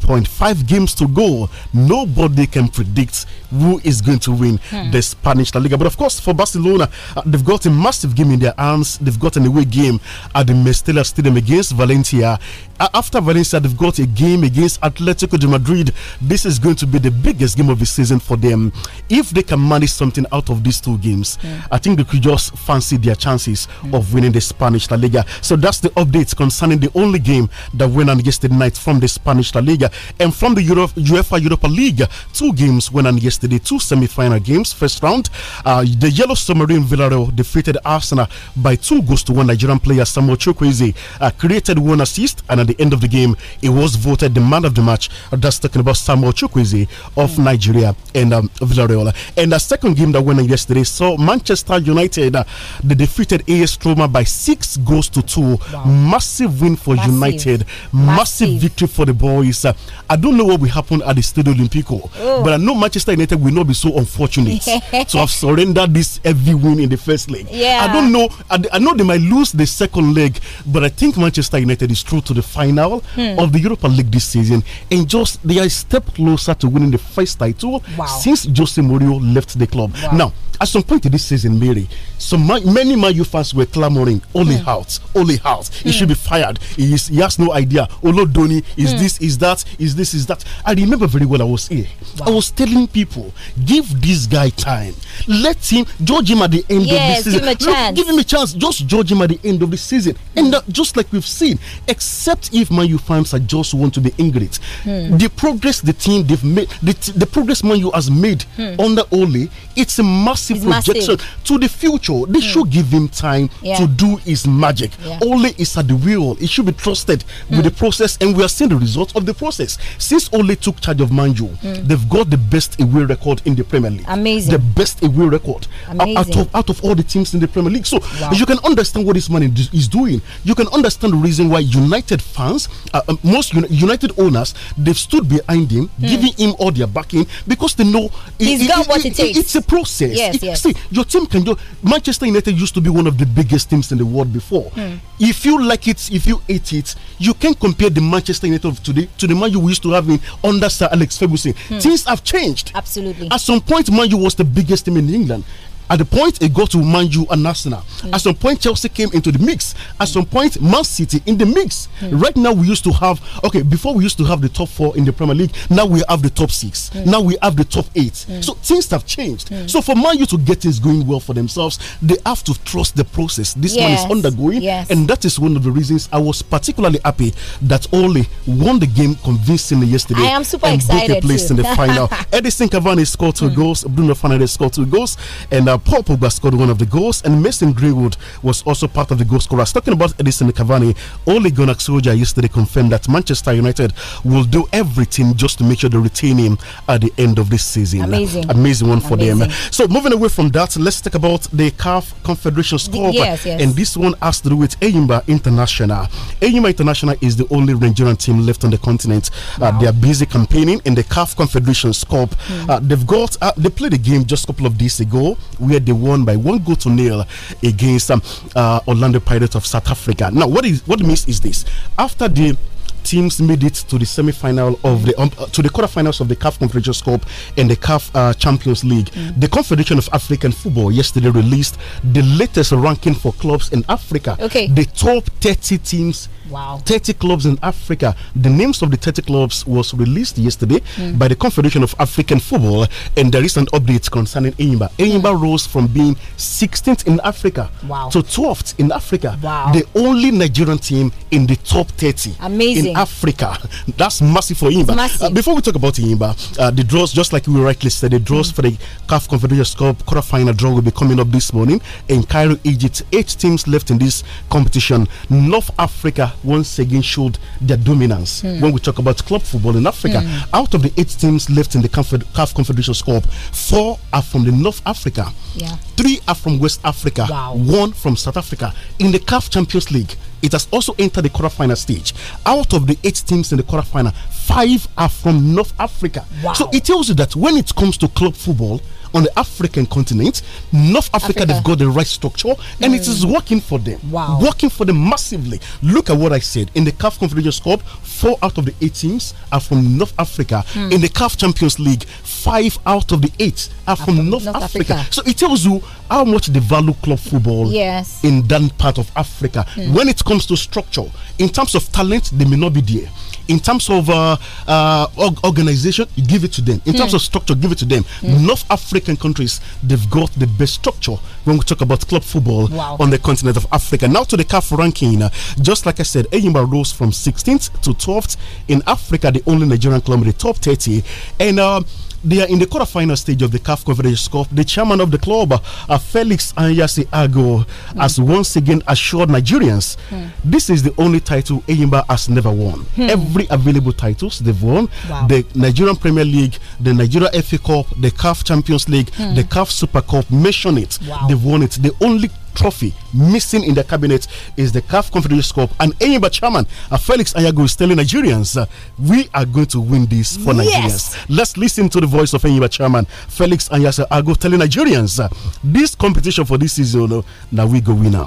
points. Five games to go. Nobody can predict who is going to win hmm. the Spanish La Liga. But of course, for Barcelona, uh, they've got a massive game in their hands. They've got an away game at the Mestella Stadium against Valencia. after Valencia, they've got a game against Atletico de Madrid. This is going to be the biggest game of the season for them. If if they can manage something out of these two games, yeah. I think they could just fancy their chances yeah. of winning the Spanish La Liga. So that's the update concerning the only game that went on yesterday night from the Spanish La Liga and from the Euro UEFA Europa League. Two games went on yesterday, two semi-final games. First round, uh, the Yellow Submarine Villarreal defeated Arsenal by two goals to one. Nigerian player Samuel Chukwueze uh, created one assist, and at the end of the game, he was voted the man of the match. That's talking about Samuel Chukwueze of mm. Nigeria and um, Villarreal well. And the second game that went on yesterday saw Manchester United, uh, they defeated AS Roma by six goals to two. Wow. Massive win for Massive. United. Massive. Massive. victory for the boys. Uh, I don't know what will happen at the Stadio Olimpico, oh. but I know Manchester United will not be so unfortunate to have surrendered this heavy win in the first leg. Yeah. I don't know. I, I, know they might lose the second leg, but I think Manchester United is through to the final hmm. of the Europa League this season. And just they are a step closer to winning the first title wow. since Jose Mourinho left the club. Wow. Now, at some point in this season, Mary, some many Man U fans were clamoring, "Only mm. out, only out! Mm. He hmm. should be fired. He, is, he has no idea. Olodoni is mm. this, is that, is this, is that." I remember very well. I was here. Wow. I was telling people, "Give this guy time. Let him judge him at the end yes, of the season. Give him a chance. Look, give him a chance. Just judge him at the end of the season." And hmm. just like we've seen, except if Man U fans are just want to be ingrate, hmm. the progress the team they've made, the, the progress Man U has made under Ole, it's a massive it's projection massive. to the future. They mm. should give him time yeah. to do his magic. Yeah. Ole is at the wheel. He should be trusted mm. with hmm. the process, and we are seeing the results of the process. Since Ole took charge of Manju, mm. they've got the best away record in the Premier League. Amazing. The best away record out of out of all the teams in the Premier League. So wow. you can understand what this man is doing. You can understand the reason why United fans, uh, uh most United owners, they've stood behind him, hmm. giving him all their backing because they know he's got what it, it, takes. It's a process. Yes, yes. See, your team can do. Manchester United used to be one of the biggest teams in the world before. Hmm. If you like it, if you hate it, you can compare the Manchester United of today to the man you used to have in under Sir Alex Ferguson. Hmm. Things have changed. Absolutely. At some point, Man U was the biggest team in England. At the point, it got to Manju and Arsenal. Mm. At some point, Chelsea came into the mix. At some point, Man City in the mix. Mm. Right now, we used to have okay. Before we used to have the top four in the Premier League. Now we have the top six. Hmm. Now we have the top eight. Hmm. So things have changed. Hmm. So for Man U to get things going well for themselves, they have to trust the process. This yes. is undergoing, yes. and that is one of the reasons I was particularly happy that Ole won the game convincingly yesterday. I am super and excited. a place too. in the final. Edison Cavani scored two mm. goals. Bruno Fernandes scored two goals, and uh, Paul Pogba scored one of the goals, and Mason Greenwood was also part of the goal scorers. Talking about Edison Cavani, Ole Gunnar Solskjaer yesterday confirmed that Manchester United will do everything just to make sure they retain him at the end of this season. Amazing. Amazing one for Amazing. them. So, moving away from that, let's talk about the CAF Confederation Cup. Yes, yes. And this one has to do with Enyimba International. Enyimba International is the only Nigerian team left on the continent. Uh, wow. Uh, they are busy campaigning in the CAF Confederation Cup. Mm. Uh, they've got, uh, they played a game just a couple of days ago. We where they won by one goal to nil against um, uh, Orlando Pirates of South Africa. Now, what is what means is this? After the teams made it to the semi-final of the um, uh, to the quarterfinals of the CAF Confederation Cup and the CAF uh, Champions League. Mm. The Confederation of African Football yesterday released the latest ranking for clubs in Africa. Okay, the top 30 teams Wow. 30 clubs in Africa. The names of the 30 clubs was released yesterday mm. by the Confederation of African Football, and there is an update concerning Enyimba. Enyimba mm. rose from being 16th in Africa wow. to 12th in Africa. Wow. The only Nigerian team in the top 30 Amazing. in Africa. That's massive for Enyimba. Uh, before we talk about Enyimba, uh, the draws, just like we rightly said, the draws mm. for the CAF Confederation Cup quarterfinal draw will be coming up this morning in Cairo, Egypt. Eight teams left in this competition. North Africa once again showed their dominance mm. when we talk about club football in Africa. Mm. Out of the eight teams left in the CAF Confederation Cup, four are from the North Africa, yeah. three are from West Africa, wow. one from South Africa. In the CAF Champions League, it has also entered the quarterfinal stage. Out of the eight teams in the quarterfinal, five are from North Africa. Wow. So it tells you that when it comes to club football, on the African continent. North Africa, Africa. they've got the right structure and mm. it is mm. working for them. Wow. Working for them massively. Look at what I said. In the CAF Confederation Cup, four out of the eight teams are from North Africa. Mm. In the CAF Champions League, five out of the eight are from North, North Africa. Africa. So it tells you how much they value club football yes. in that part of Africa. Mm. When it comes to structure, in terms of talent, they may not be there in terms of uh, uh, organization, you give it to them. In mm. terms hmm. of structure, give it to them. Mm. North African countries, they've got the best structure when we talk about club football wow. on the continent of Africa. Now to the CAF ranking. Uh, just like I said, Enyimba rose from 16th to 12th. In Africa, the only Nigerian club in the top 30. And uh, they are in the quarterfinal stage of the CAF Coverage Cup. The chairman of the club, uh, Felix Anyasi Ago, mm. has hmm. once again assured Nigerians mm. this is the only title Eyimba has never won. Mm. Every available titles they've won wow. the Nigerian Premier League, the Nigeria FA Cup, the CAF Champions League, hmm. the CAF Super Cup, mention it. Wow. They've won it. The only trophy missing in the cabinet is the CAF Confederation Cup. And Enyimba chairman uh, Felix Ayago is telling Nigerians, uh, we are going to win this for yes. Nigerians. Let's listen to the voice of Enyimba chairman Felix Ayago telling Nigerians, uh, this competition for this season, uh, now we go win We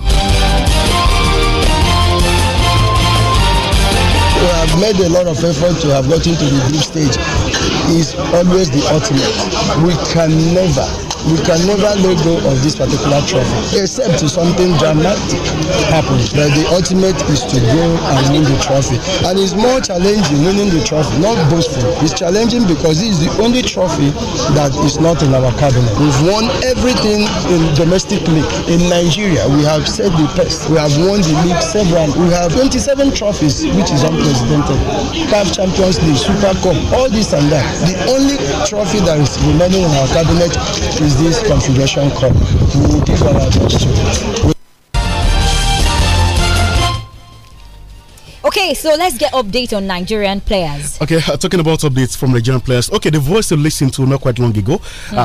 have made a lot of effort to have gotten to the group stage is always the ultimate. We can never we can never let go of this particular trophy except if something dramatic happens. But the ultimate is to go and win the trophy. And it's more challenging winning the trophy, not boastful. It's challenging because this is the only trophy that is not in our cabinet. We've won everything in domestic league. In Nigeria, we have set the pace. We have won the league several. We have 27 trophies, which is unprecedented. Cup, Champions League, Super Cup, all this and that. The only trophy that is remaining in our cabinet is is this configuration Cup? We will give our to Okay, so let's get update on Nigerian players. Okay, uh, talking about updates from Nigerian players. Okay, the voice you listened to not quite long ago uh,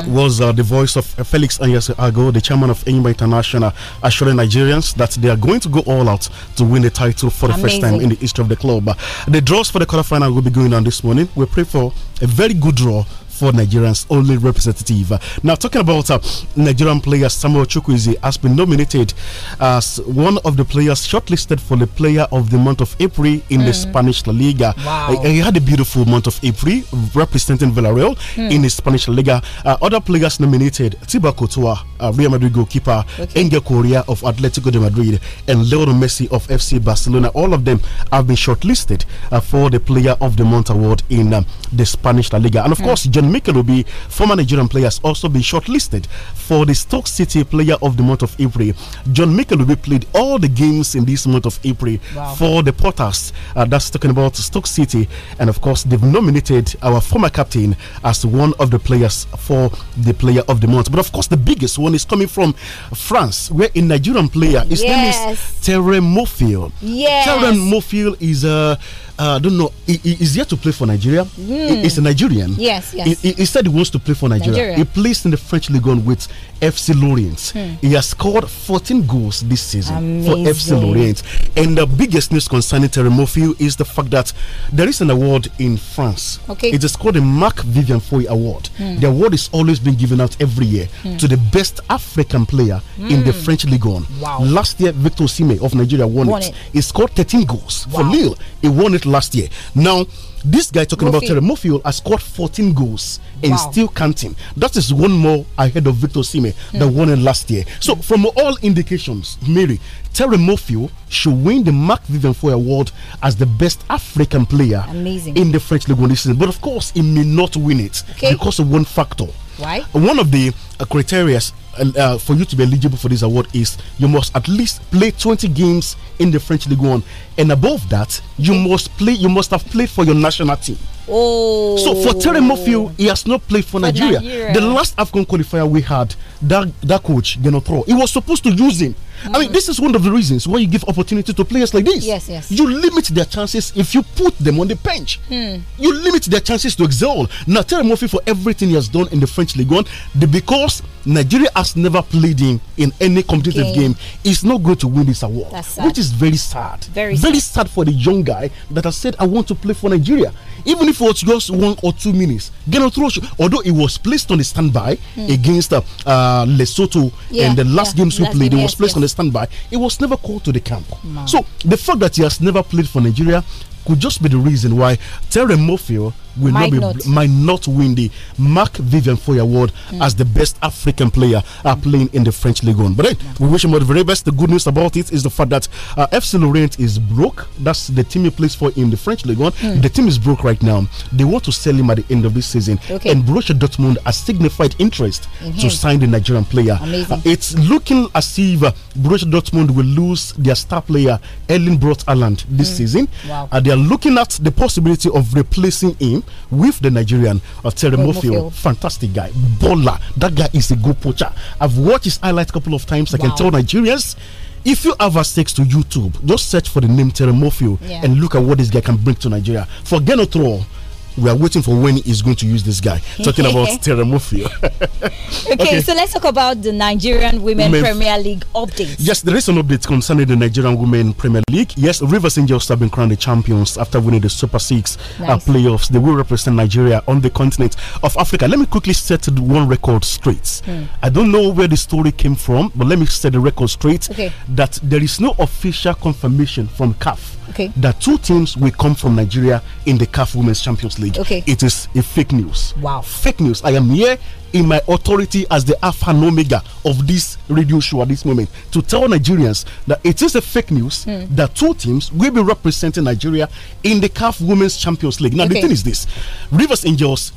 mm. was uh, the voice of uh, Felix Ago, the chairman of Enyimba International, assuring Nigerians that they are going to go all out to win the title for the Amazing. first time in the history of the club. Uh, the draws for the quarterfinal will be going on this morning. We pray for a very good draw for Nigerians only representative. Now, talking about uh, Nigerian player Samuel Chukwuzi has been nominated as one of the players shortlisted for the Player of the Month of April in mm. the Spanish La Liga. Wow. He, uh, he had a beautiful month of April representing Villarreal mm. in the Spanish La Liga. Uh, other players nominated Thibaut Courtois, uh, Real Madrid goalkeeper, okay. Angel Correa of Atletico de Madrid, and Leo Messi of FC Barcelona. All of them have been shortlisted uh, for the Player of the Month award in um, the Spanish La Liga. And of mm. course, John Mikel Obi, former Nigerian player, has also been shortlisted for the Stoke City Player of the Month of April. John Mikel Obi played all the games in this month of April wow. for the Potters. Uh, that's talking about Stoke City. And of course, they've nominated our former captain as one of the players for the Player of the Month. But of course, the biggest one is coming from France, where a Nigerian player, his yes. name is Terem Mofil. Yes. Terem Mofil is a. Uh, uh, I don't know. He, he's yet to play for Nigeria. Mm. He's a Nigerian. Yes, yes. He, he, said he wants to play for Nigeria. Nigeria. He plays in the French League One with FC Lorient. Hmm. He has scored 14 goals this season Amazing. for FC Lorient. And the biggest news concerning Terry Murphy is the fact that there is an award in France. Okay. It is called the Marc Vivian Foy Award. Hmm. The award is always been given out every year hmm. to the best African player in the French League One. Wow. Last year, Victor Sime of Nigeria won, won it. it. He scored 13 goals wow. for Lille. He won it last year. Now, this guy talking about Terry Mofield has scored 14 goals and wow. still counting. That is one more ahead of Victor Sime, mm. the one in last year. So, mm. from all indications, Mary, Terry Mofield should win the Mark Vivian Foy Award as the best African player Amazing. in the French League One this season. But of course, he may not win it okay. because of one factor. Why? One of the uh, criteria uh, for you to be eligible for this award is you must at least play 20 games in the French League One, and above that, you must play. You must have played for your national team. Oh. So for Terry Murphy, he has not played for, for Nigeria. Nigeria. The last Afghan qualifier we had, that that coach Genotro, he was supposed to use him. Mm. I mean, mm. this is one of the reasons why you give opportunity to players like this. Yes, yes. You limit their chances if you put them on the bench. Mm. You limit their chances to excel. Now Terry Murphy for everything he has done in the French League One, the, because Nigeria has never played him in any competitive game. game. He's not going to win this award, which is very sad. Very, very sad. sad. for the young guy that has said, I want to play for Nigeria. Even if it was just one or two minutes, Gennaro Roche, although he was placed on the standby mm. against uh, uh, Lesotho yeah, in the last yeah, games we played, he was placed yes. on the standby. He was never called to the camp. No. So the fact that he has never played for Nigeria could just be the reason why Terry Murphy will might not, be, not. might not win the Mark Vivian Foy Award mm. as the best African player uh, playing in the French League One. But then yeah. we wish him all the very best. The good news about it is the fact that uh, FC Lorient is broke. That's the team he plays for in the French League One. Mm. The team is broke right now. They want to sell him at the end of this season. Okay. And Borussia Dortmund has signified interest to sign the Nigerian player. Uh, it's looking as if uh, Borussia Dortmund will lose their star player Erling Brot this mm. season. Wow. Uh, they are looking at the possibility of replacing him with the Nigerian uh, Teremofio. Fantastic guy. bowler. That guy is a good poacher. I've watched his highlights a couple of times. I wow. can tell Nigerians. If you have access to YouTube, just search for the name Teremofio yeah. and look at what this guy can bring to Nigeria. For Genotro, we are waiting for when he's going to use this guy. Talking about Teremofio. okay, okay, so let's talk about the Nigerian Women Premier League update. Yes, there is an update concerning the Nigerian Women Premier League. Yes, Rivers Angels have been crowned the champions after winning the Super Six uh, nice. uh, playoffs. They will represent Nigeria on the continent of Africa. Let me quickly set one record straight. Hmm. I don't know where the story came from, but let me set the record straight okay. that there is no official confirmation from CAF okay. that two teams will come from Nigeria in the CAF Women's Champions League. Okay. It is a fake news. Wow. Fake news. I am here in my authority as the alpha and omega of this radio show at this moment to tell Nigerians that it is a fake news hmm. that two teams will be representing Nigeria in the CAF Women's Champions League. Now, okay. the thing is this Rivers Angels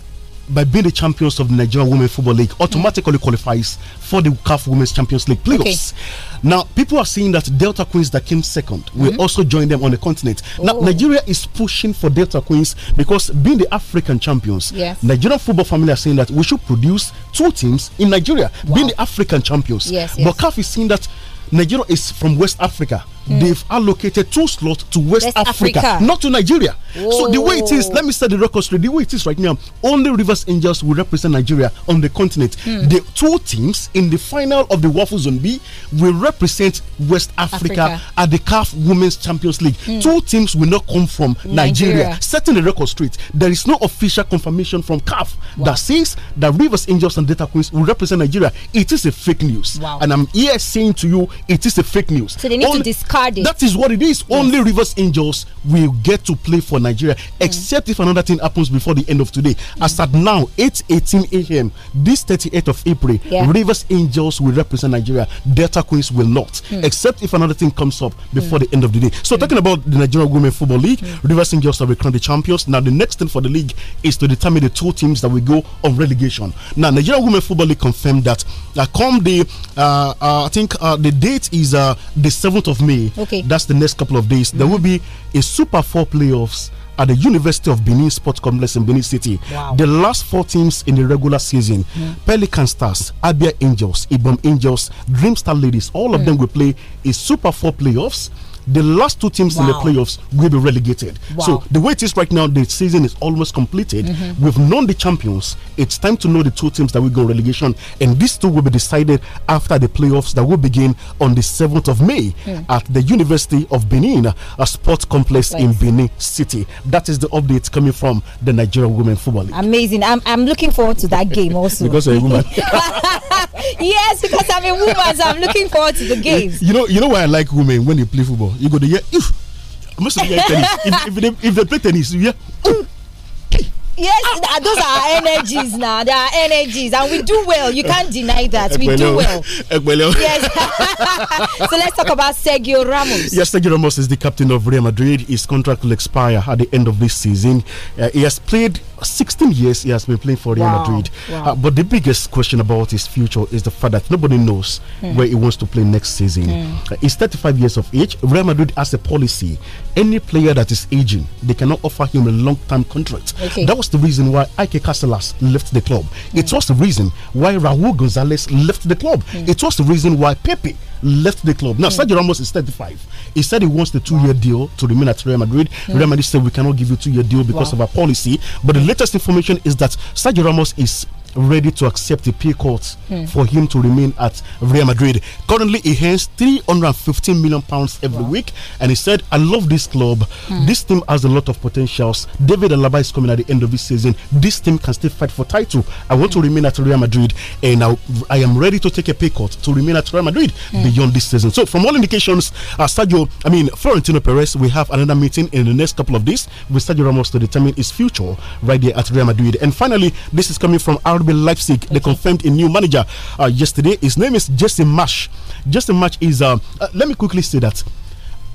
by being the champions of the Nigeria Women Football League, automatically mm. qualifies for the CAF Women's Champions League playoffs. Okay. Now, people are seeing that Delta Queens that came second will mm -hmm. also join them on the continent. Oh. Now, Nigeria is pushing for Delta Queens because being the African champions, yes. Nigerian football family are saying that we should produce two teams in Nigeria, wow. being the African champions. Yes, yes. But CAF is saying that Nigeria is from West Africa. Mm. They've allocated two slots to West, West Africa, Africa, not to Nigeria. Whoa. So the way it is, oh. let me set the record straight. The way it is right now, only Rivers Angels will represent Nigeria on the continent. Mm. The two teams in the final of the Waffle Zone B will represent West Africa, Africa. at the CAF Women's Champions League. Mm. Two teams will not come from Nigeria. Nigeria. Setting the record straight, there is no official confirmation from CAF wow. that says that Rivers Angels and Data Queens will represent Nigeria. It is a fake news, wow. and I'm here saying to you, it is a fake news. So they need Only, to discard it. That is what it is. Yes. Only Rivers Angels will get to play for Nigeria, mm. except if another thing happens before the end of today. Mm. As at now, 8 18 a.m., this 38th of April, yeah. Rivers Angels will represent Nigeria. Delta Queens will not, mm. except if another thing comes up before mm. the end of the day. So, mm. talking about the Nigeria Women Football League, mm. Rivers Angels have become the champions. Now, the next thing for the league is to determine the two teams that will go on relegation. Now, Nigeria Women Football League confirmed that uh, come the, uh, uh, I think, uh, the day date is uh, the 7th of May. Okay. That's the next couple of days. Mm. There will be a Super Four playoffs at the University of Benin Sports Complex in Benin City. Wow. The last four teams in the regular season mm. Pelican Stars, Abia Angels, Ibom Angels, Dreamstar Ladies, all of mm. them will play a Super Four playoffs the last two teams wow. in the playoffs will be relegated. Wow. So the way it is right now, the season is almost completed. Mm -hmm. We've known the champions. It's time to know the two teams that will go relegation, and these two will be decided after the playoffs that will begin on the 7th of May mm. at the University of Benin, a sports complex nice. in Benin City. That is the update coming from the Nigerian Women Football League. Amazing. I'm, I'm looking forward to that game also. because you're a woman. yes, because I'm a woman, so I'm looking forward to the games. You know, you know why I like women when they play football. You go to yeah, if most of the tennis, if, if, they, if they play tennis, yeah yes those are energies now they are energies and we do well you can't deny that we do well yes so let's talk about Sergio Ramos yes Sergio Ramos is the captain of Real Madrid his contract will expire at the end of this season uh, he has played 16 years he has been playing for Real wow. Madrid wow. Uh, but the biggest question about his future is the fact that nobody knows mm. where he wants to play next season mm. uh, he's 35 years of age Real Madrid has a policy any player that is aging, they cannot offer him a long term contract. Okay. That was the reason why Ike Casillas left the club. Mm. It was the reason why Raul Gonzalez left the club. Mm. It was the reason why Pepe left the club. Now, mm. Sergio Ramos is 35. He said he wants the two year wow. deal to remain at Real Madrid. Real Madrid said we cannot give you two year deal because wow. of our policy. But the latest information is that Sergio Ramos is ready to accept the pay cut mm. for him to remain at Real Madrid. Currently, he earns 315 million pounds every wow. week, and he said, "I love this club. Mm. This team has a lot of potentials. David Alaba is coming at the end of this season. This team can still fight for title. I want mm. to hmm. remain at Real Madrid, and I, I, am ready to take a pay cut to remain at Real Madrid." Hmm beyond this season. So, from all indications, uh, Sergio, I mean, Florentino Perez, we have another meeting in the next couple of days with Sergio Ramos to determine his future right there at Real Madrid. And finally, this is coming from RB Leipzig. They confirmed a new manager uh, yesterday. His name is Jesse Marsh. Jesse Marsh is, uh, uh, let me quickly say that.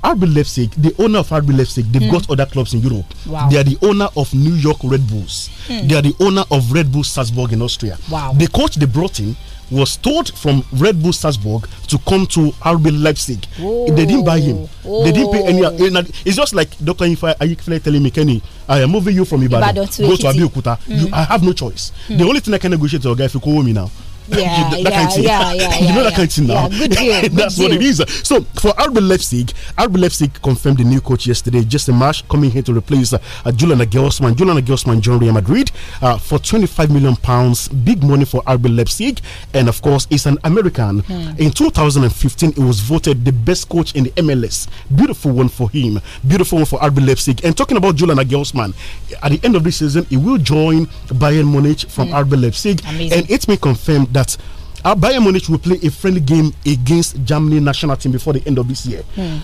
RB Leipzig, the owner of RB Leipzig, they've mm. got other clubs in Europe. Wow. They are the owner of New York Red Bulls. Mm. They are the owner of Red Bull Salzburg in Austria. Wow. The coach they brought in was told from Red Bull Salzburg to come to RB Leipzig. They didn't buy him. They didn't pay any. Eh, it's just like Dr. Ayikfele telling me, Kenny, I am moving you from Ibadan, go to Abeokuta. Mm. I have no choice. Mm. The only thing I can negotiate to guy if you call me now. Yeah, you know, yeah, yeah, yeah, yeah, You know that kind of thing now. good deal. That's what it is. So for RB Leipzig, RB Leipzig confirmed the new coach yesterday, Justin Marsh, coming here to replace uh, uh, Julian Nagelsmann. Julian Nagelsmann joined Real Madrid uh, for 25 million pounds, big money for RB Leipzig, and of course, he's an American. Hmm. In 2015, he was voted the best coach in the MLS. Beautiful one for him. Beautiful one for RB Leipzig. And talking about Julian Nagelsmann, at the end of this season, he will join Bayern Munich from mm. RB Leipzig, Amazing. and it's been confirmed that uh, Bayern Munich will play a friendly game against Germany national team before the end of this year. Mm.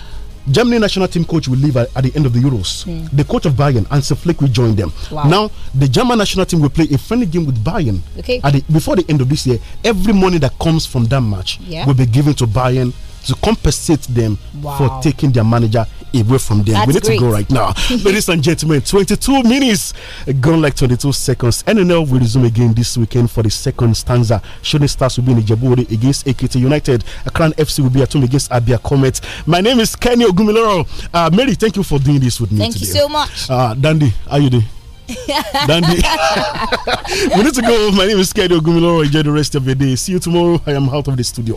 Germany national team coach will leave at, at the end of the Euros. Mm. The coach of Bayern, Ansel Flick, will join them. Wow. Now, the German national team will play a friendly game with Bayern okay. The, before the end of this year. Every money that comes from that match yeah. will be given to Bayern to compensate them wow. for taking their manager away from them. That's we need great. to go right now. Ladies and gentlemen, 22 minutes gone like 22 seconds. NNL will resume again this weekend for the second stanza. Shooting Stars will be in Ijebuode against AKT United. Akran FC will be at home against Abia Comet. My name is Kenny Ogumiloro. Uh, Mary, thank you for doing this with me Thank today. you so much. Uh, Dandy, how you doing? Dandy. we need to go. My name is Kenny Ogumiloro. Enjoy the rest of your day. See you tomorrow. I am out of the studio.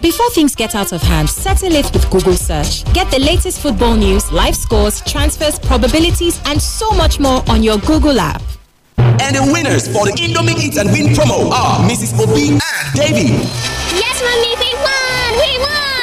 Before things get out of hand, settle it with Google search. Get the latest football news, live scores, transfers, probabilities, and so much more on your Google app. And the winners for the Indomie Eat and Win promo are Mrs. Obi and Davy. Yes, mommy, we won! We won!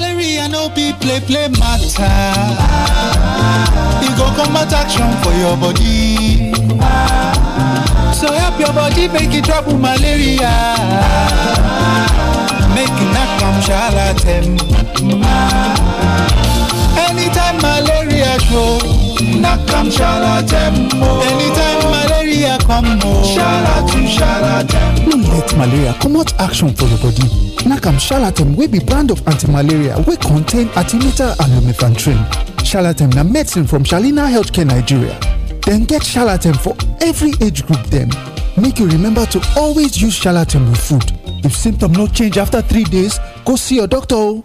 salary and no be play play matter e go combat action for your body so help your body make e drop malaria make e knack am shalatem. Anytime malaria show, knock am Anytime malaria come, shalatem, shalatem. Oh. No let malaria comot action for your body. Nakam Shalatem We be brand of anti-malaria We contain artemether and lumefantrine. Shalatem na medicine from Shalina Healthcare Nigeria. Then get Shalatem for every age group then. Make you remember to always use Shalatem with food. If symptom no change after three days, go see your doctor oh.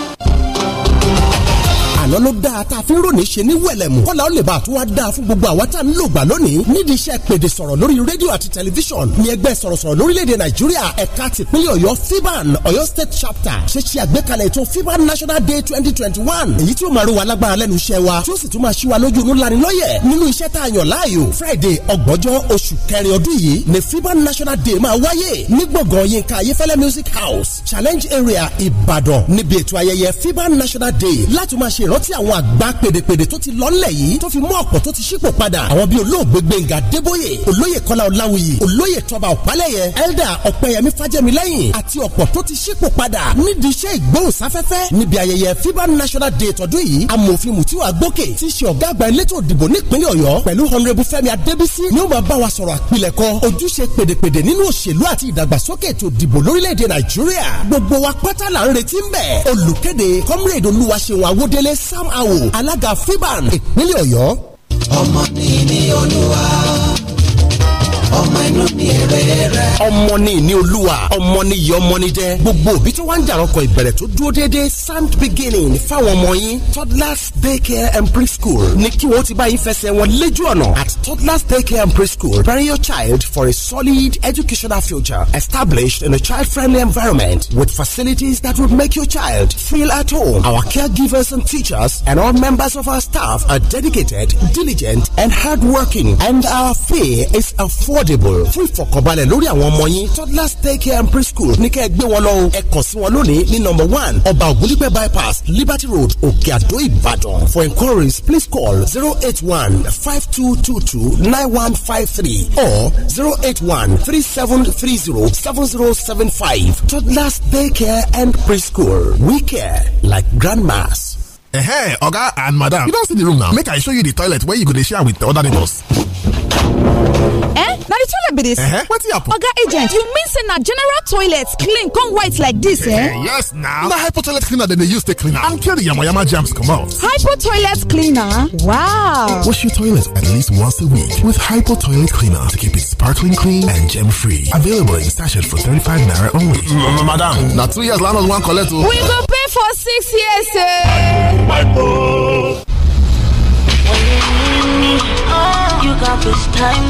àná ló dáa tá a fi ń ròní ṣe ní wẹ̀lẹ̀mù kọ́lá ó lè bá a tún wá dáa fún gbogbo àwa tá a ń lò gbà lónìí nídìí iṣẹ́ pèdè sọ̀rọ̀ lórí rédíò àti tẹlifíṣọ̀n ní ẹgbẹ́ sọ̀rọ̀sọ̀rọ̀ lórílẹ̀‐èdè nàìjíríà ẹ̀ka tìpínlẹ̀ ọ̀yọ́ fiban ọ̀yọ́ state chapter ṣe ṣe àgbékalẹ̀ ètò fiban national day twenty twenty one èyí tí ó máa ro wa lágbára lẹ́nu iṣẹ́ wa tí ó sì tún máa ṣí wa lójú friday ọgbọ̀njọ́ oṣù kẹrin ọdún yìí ni fiban national day máa wáyé ní gbọ̀ngàn yínká ayéfẹ́lẹ́ music house challenge area ìbàdàn níbi ètò ayẹyẹ fiban national day láti máa ṣe rántí àwọn àgbà pèdèpèdè tó ti lọ́lẹ̀ yìí tó fi mú ọ̀pọ̀ tó ti ṣípò padà àwọn bíi olóògbé Gbénga Débóyè olóyè Kọ́lá Ọláwuyì olóyè Tọ́ba Ọ̀pálẹ̀yẹ elda Ọ̀pẹ́yẹmí Fájẹmilẹ́yìn àti ọ̀pọ̀ tó ti ṣípò padà nídìí iṣẹ́ ìgbóhùnsáfẹ́fẹ́ níbi ayẹyẹ FIBA National Day tọdún yìí amòfin Mùtíwà Gbókè tí ṣe ọ̀gá àgbà elétò ìdìbò nípínlẹ̀ Ọ̀yọ́ pẹ̀lú Honorable Fẹ́mi Adébísí ni ó máa bá wa sọ̀rọ̀ àpilẹ̀kọ ojúṣe pèdèpèdè nínú òṣèlú àti ìdàgbàsókè ètò ìdìbò lórílẹ̀‐èdè Nàìjíríà gbogbo wa pátá là sam awo alága fiban ìpínlẹ̀ ọ̀yọ́. ọmọ mi ni olúwa ọmọ inú mi rẹ̀ rẹ̀. ọmọ ni ìní olúwa ọmọ ni ìyá ọmọ ni jẹ gbogbo òbí tó wá ń jàrọ̀kọ̀ ìbẹ̀rẹ̀ tó dúró déédéé sand beginning fáwọn ọmọ yín toddlers daycare and preschool ní kí wọ́n ti bá yín fẹsẹ̀ wọn lójú ọ̀nà at toddlers daycare and preschool bury your child for a solid educational future established in a child-friendly environment with facilities that would make your child feel at home. Our caregivers and teachers and all members of our staff are dedicated, diligent, and hardworking, and our fee is affordable affordable fún ìfọ̀kànbalẹ̀ lórí àwọn ọmọ yín toddlers daycare and preschool ní kẹ́ ẹ gbé wọn lọ o ẹ kàn sí wọn lónìí ní number one ọba ògúndípẹ̀ bypass liberty road òkè àdó ìbàdàn for inquiries please call zero eight one five two two two nine one five three or zero eight one three seven three zero seven zero seven five toddlers daycare and preschool we care like grandmas. Hey, Oga and Madam, you don't see the room now. Make I show you the toilet where you go share with the other neighbors. eh Now the toilet be dis eh what's happen. oga agent you mean say na general toilet clean come white like this, eh yes na The hypo toilet cleaner than they use to clean am and kill di yamayama come out. hypo toilet cleaner wow wash your toilet at least once a week with hypo toilet cleaner to keep it sparkling clean and gem free available in sachet for 35 naira only madam now two years land wan one o we go pay for six years eh me,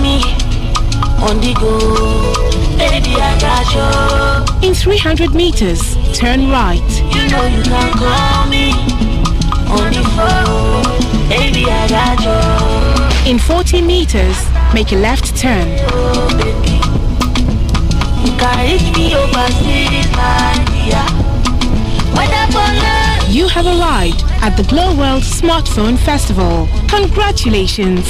me on the go. Baby, I got you. In 300 meters, turn right. You know you can call me on the phone. Baby, I got you. In 40 meters, make a left turn. Oh, you You have arrived at the Glow World Smartphone Festival. Congratulations.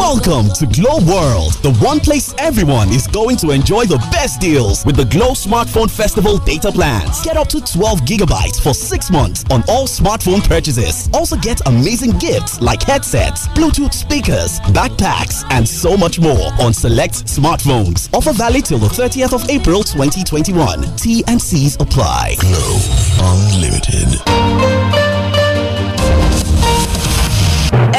Welcome to Glow World, the one place everyone is going to enjoy the best deals with the Glow Smartphone Festival data plans. Get up to 12 gigabytes for six months on all smartphone purchases. Also get amazing gifts like headsets, Bluetooth speakers, backpacks, and so much more on select smartphones. Offer valid till the 30th of April 2021. T and C's apply. Glow Unlimited.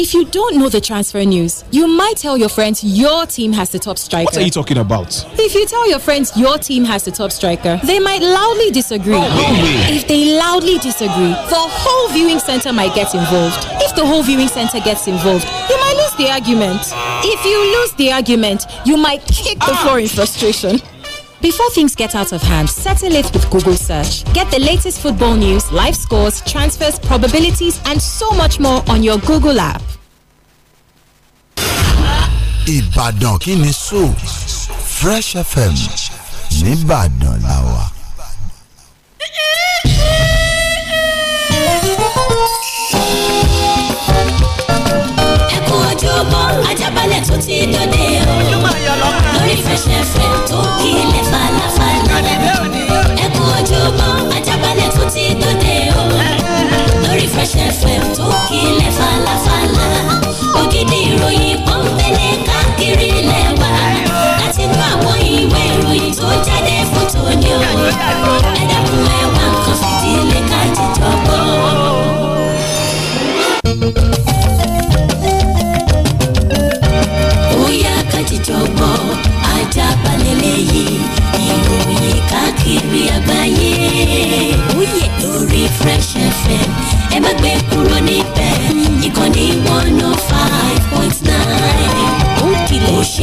If you don't know the transfer news, you might tell your friends your team has the top striker. What are you talking about? If you tell your friends your team has the top striker, they might loudly disagree. Oh, If they loudly disagree, the whole viewing center might get involved. If the whole viewing center gets involved, you might lose the argument. If you lose the argument, you might kick the ah! floor in frustration. Before things get out of hand, settle it with Google Search. Get the latest football news, live scores, transfers, probabilities, and so much more on your Google app. Ìbàdàn kí ni so Fresh FM nìbàdàn la wà. ẹ kú tó ti dòde o lórí Fresh tó kílẹ̀ falafala ẹ kú ojúmọ́ tó ti dòde o lórí Fresh tó kílẹ̀ falafala ògidì ìròyìn pọ́n oríire lẹ́wà láti inú àwọn ìwé ìròyìn tó jáde fún tòní o ẹ dákun ẹ wá nǹkan fìdílé ká jíjọ gbọ́. ó ká jíjọ gbọ́ ajá balẹ̀ lẹ́yìn ìròyìn káàkiri àgbáyé lórí Fresh FM ẹ má gbé kúrò níbẹ̀ ìkànnì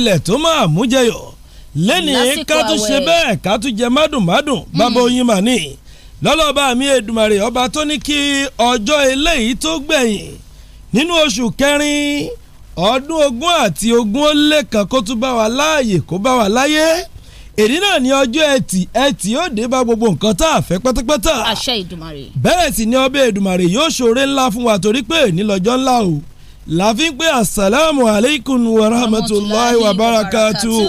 ilẹ̀ tó máa mú jẹyọ̀ lẹ́ni ká tún ṣe bẹ́ẹ̀ ká tún jẹ mádùnmádùn hmm. bàbá oyin mà ní lọ́lọ́ba mi Èdùmàrè ọba tó ní kí ọjọ́ eléyìí tó gbẹ̀yìn nínú oṣù kẹrin ọdún ogún àti ogún ó lé kan kó tún bá wa láàyè kó bá wa láyé èdè náà ní ọjọ́ ẹtì ẹtì ó dé bá gbogbo nǹkan tá a fẹ́ pátápátá àṣẹ Èdùmàrè bẹ́ẹ̀ sì ni ọbẹ̀ Èdùmàrè yóò ṣoore ńlá fún wa torí pé ní lọ́jọ́ ńlá o láfin pé asalaamu aleykum wa rahmatulahi wa barakatu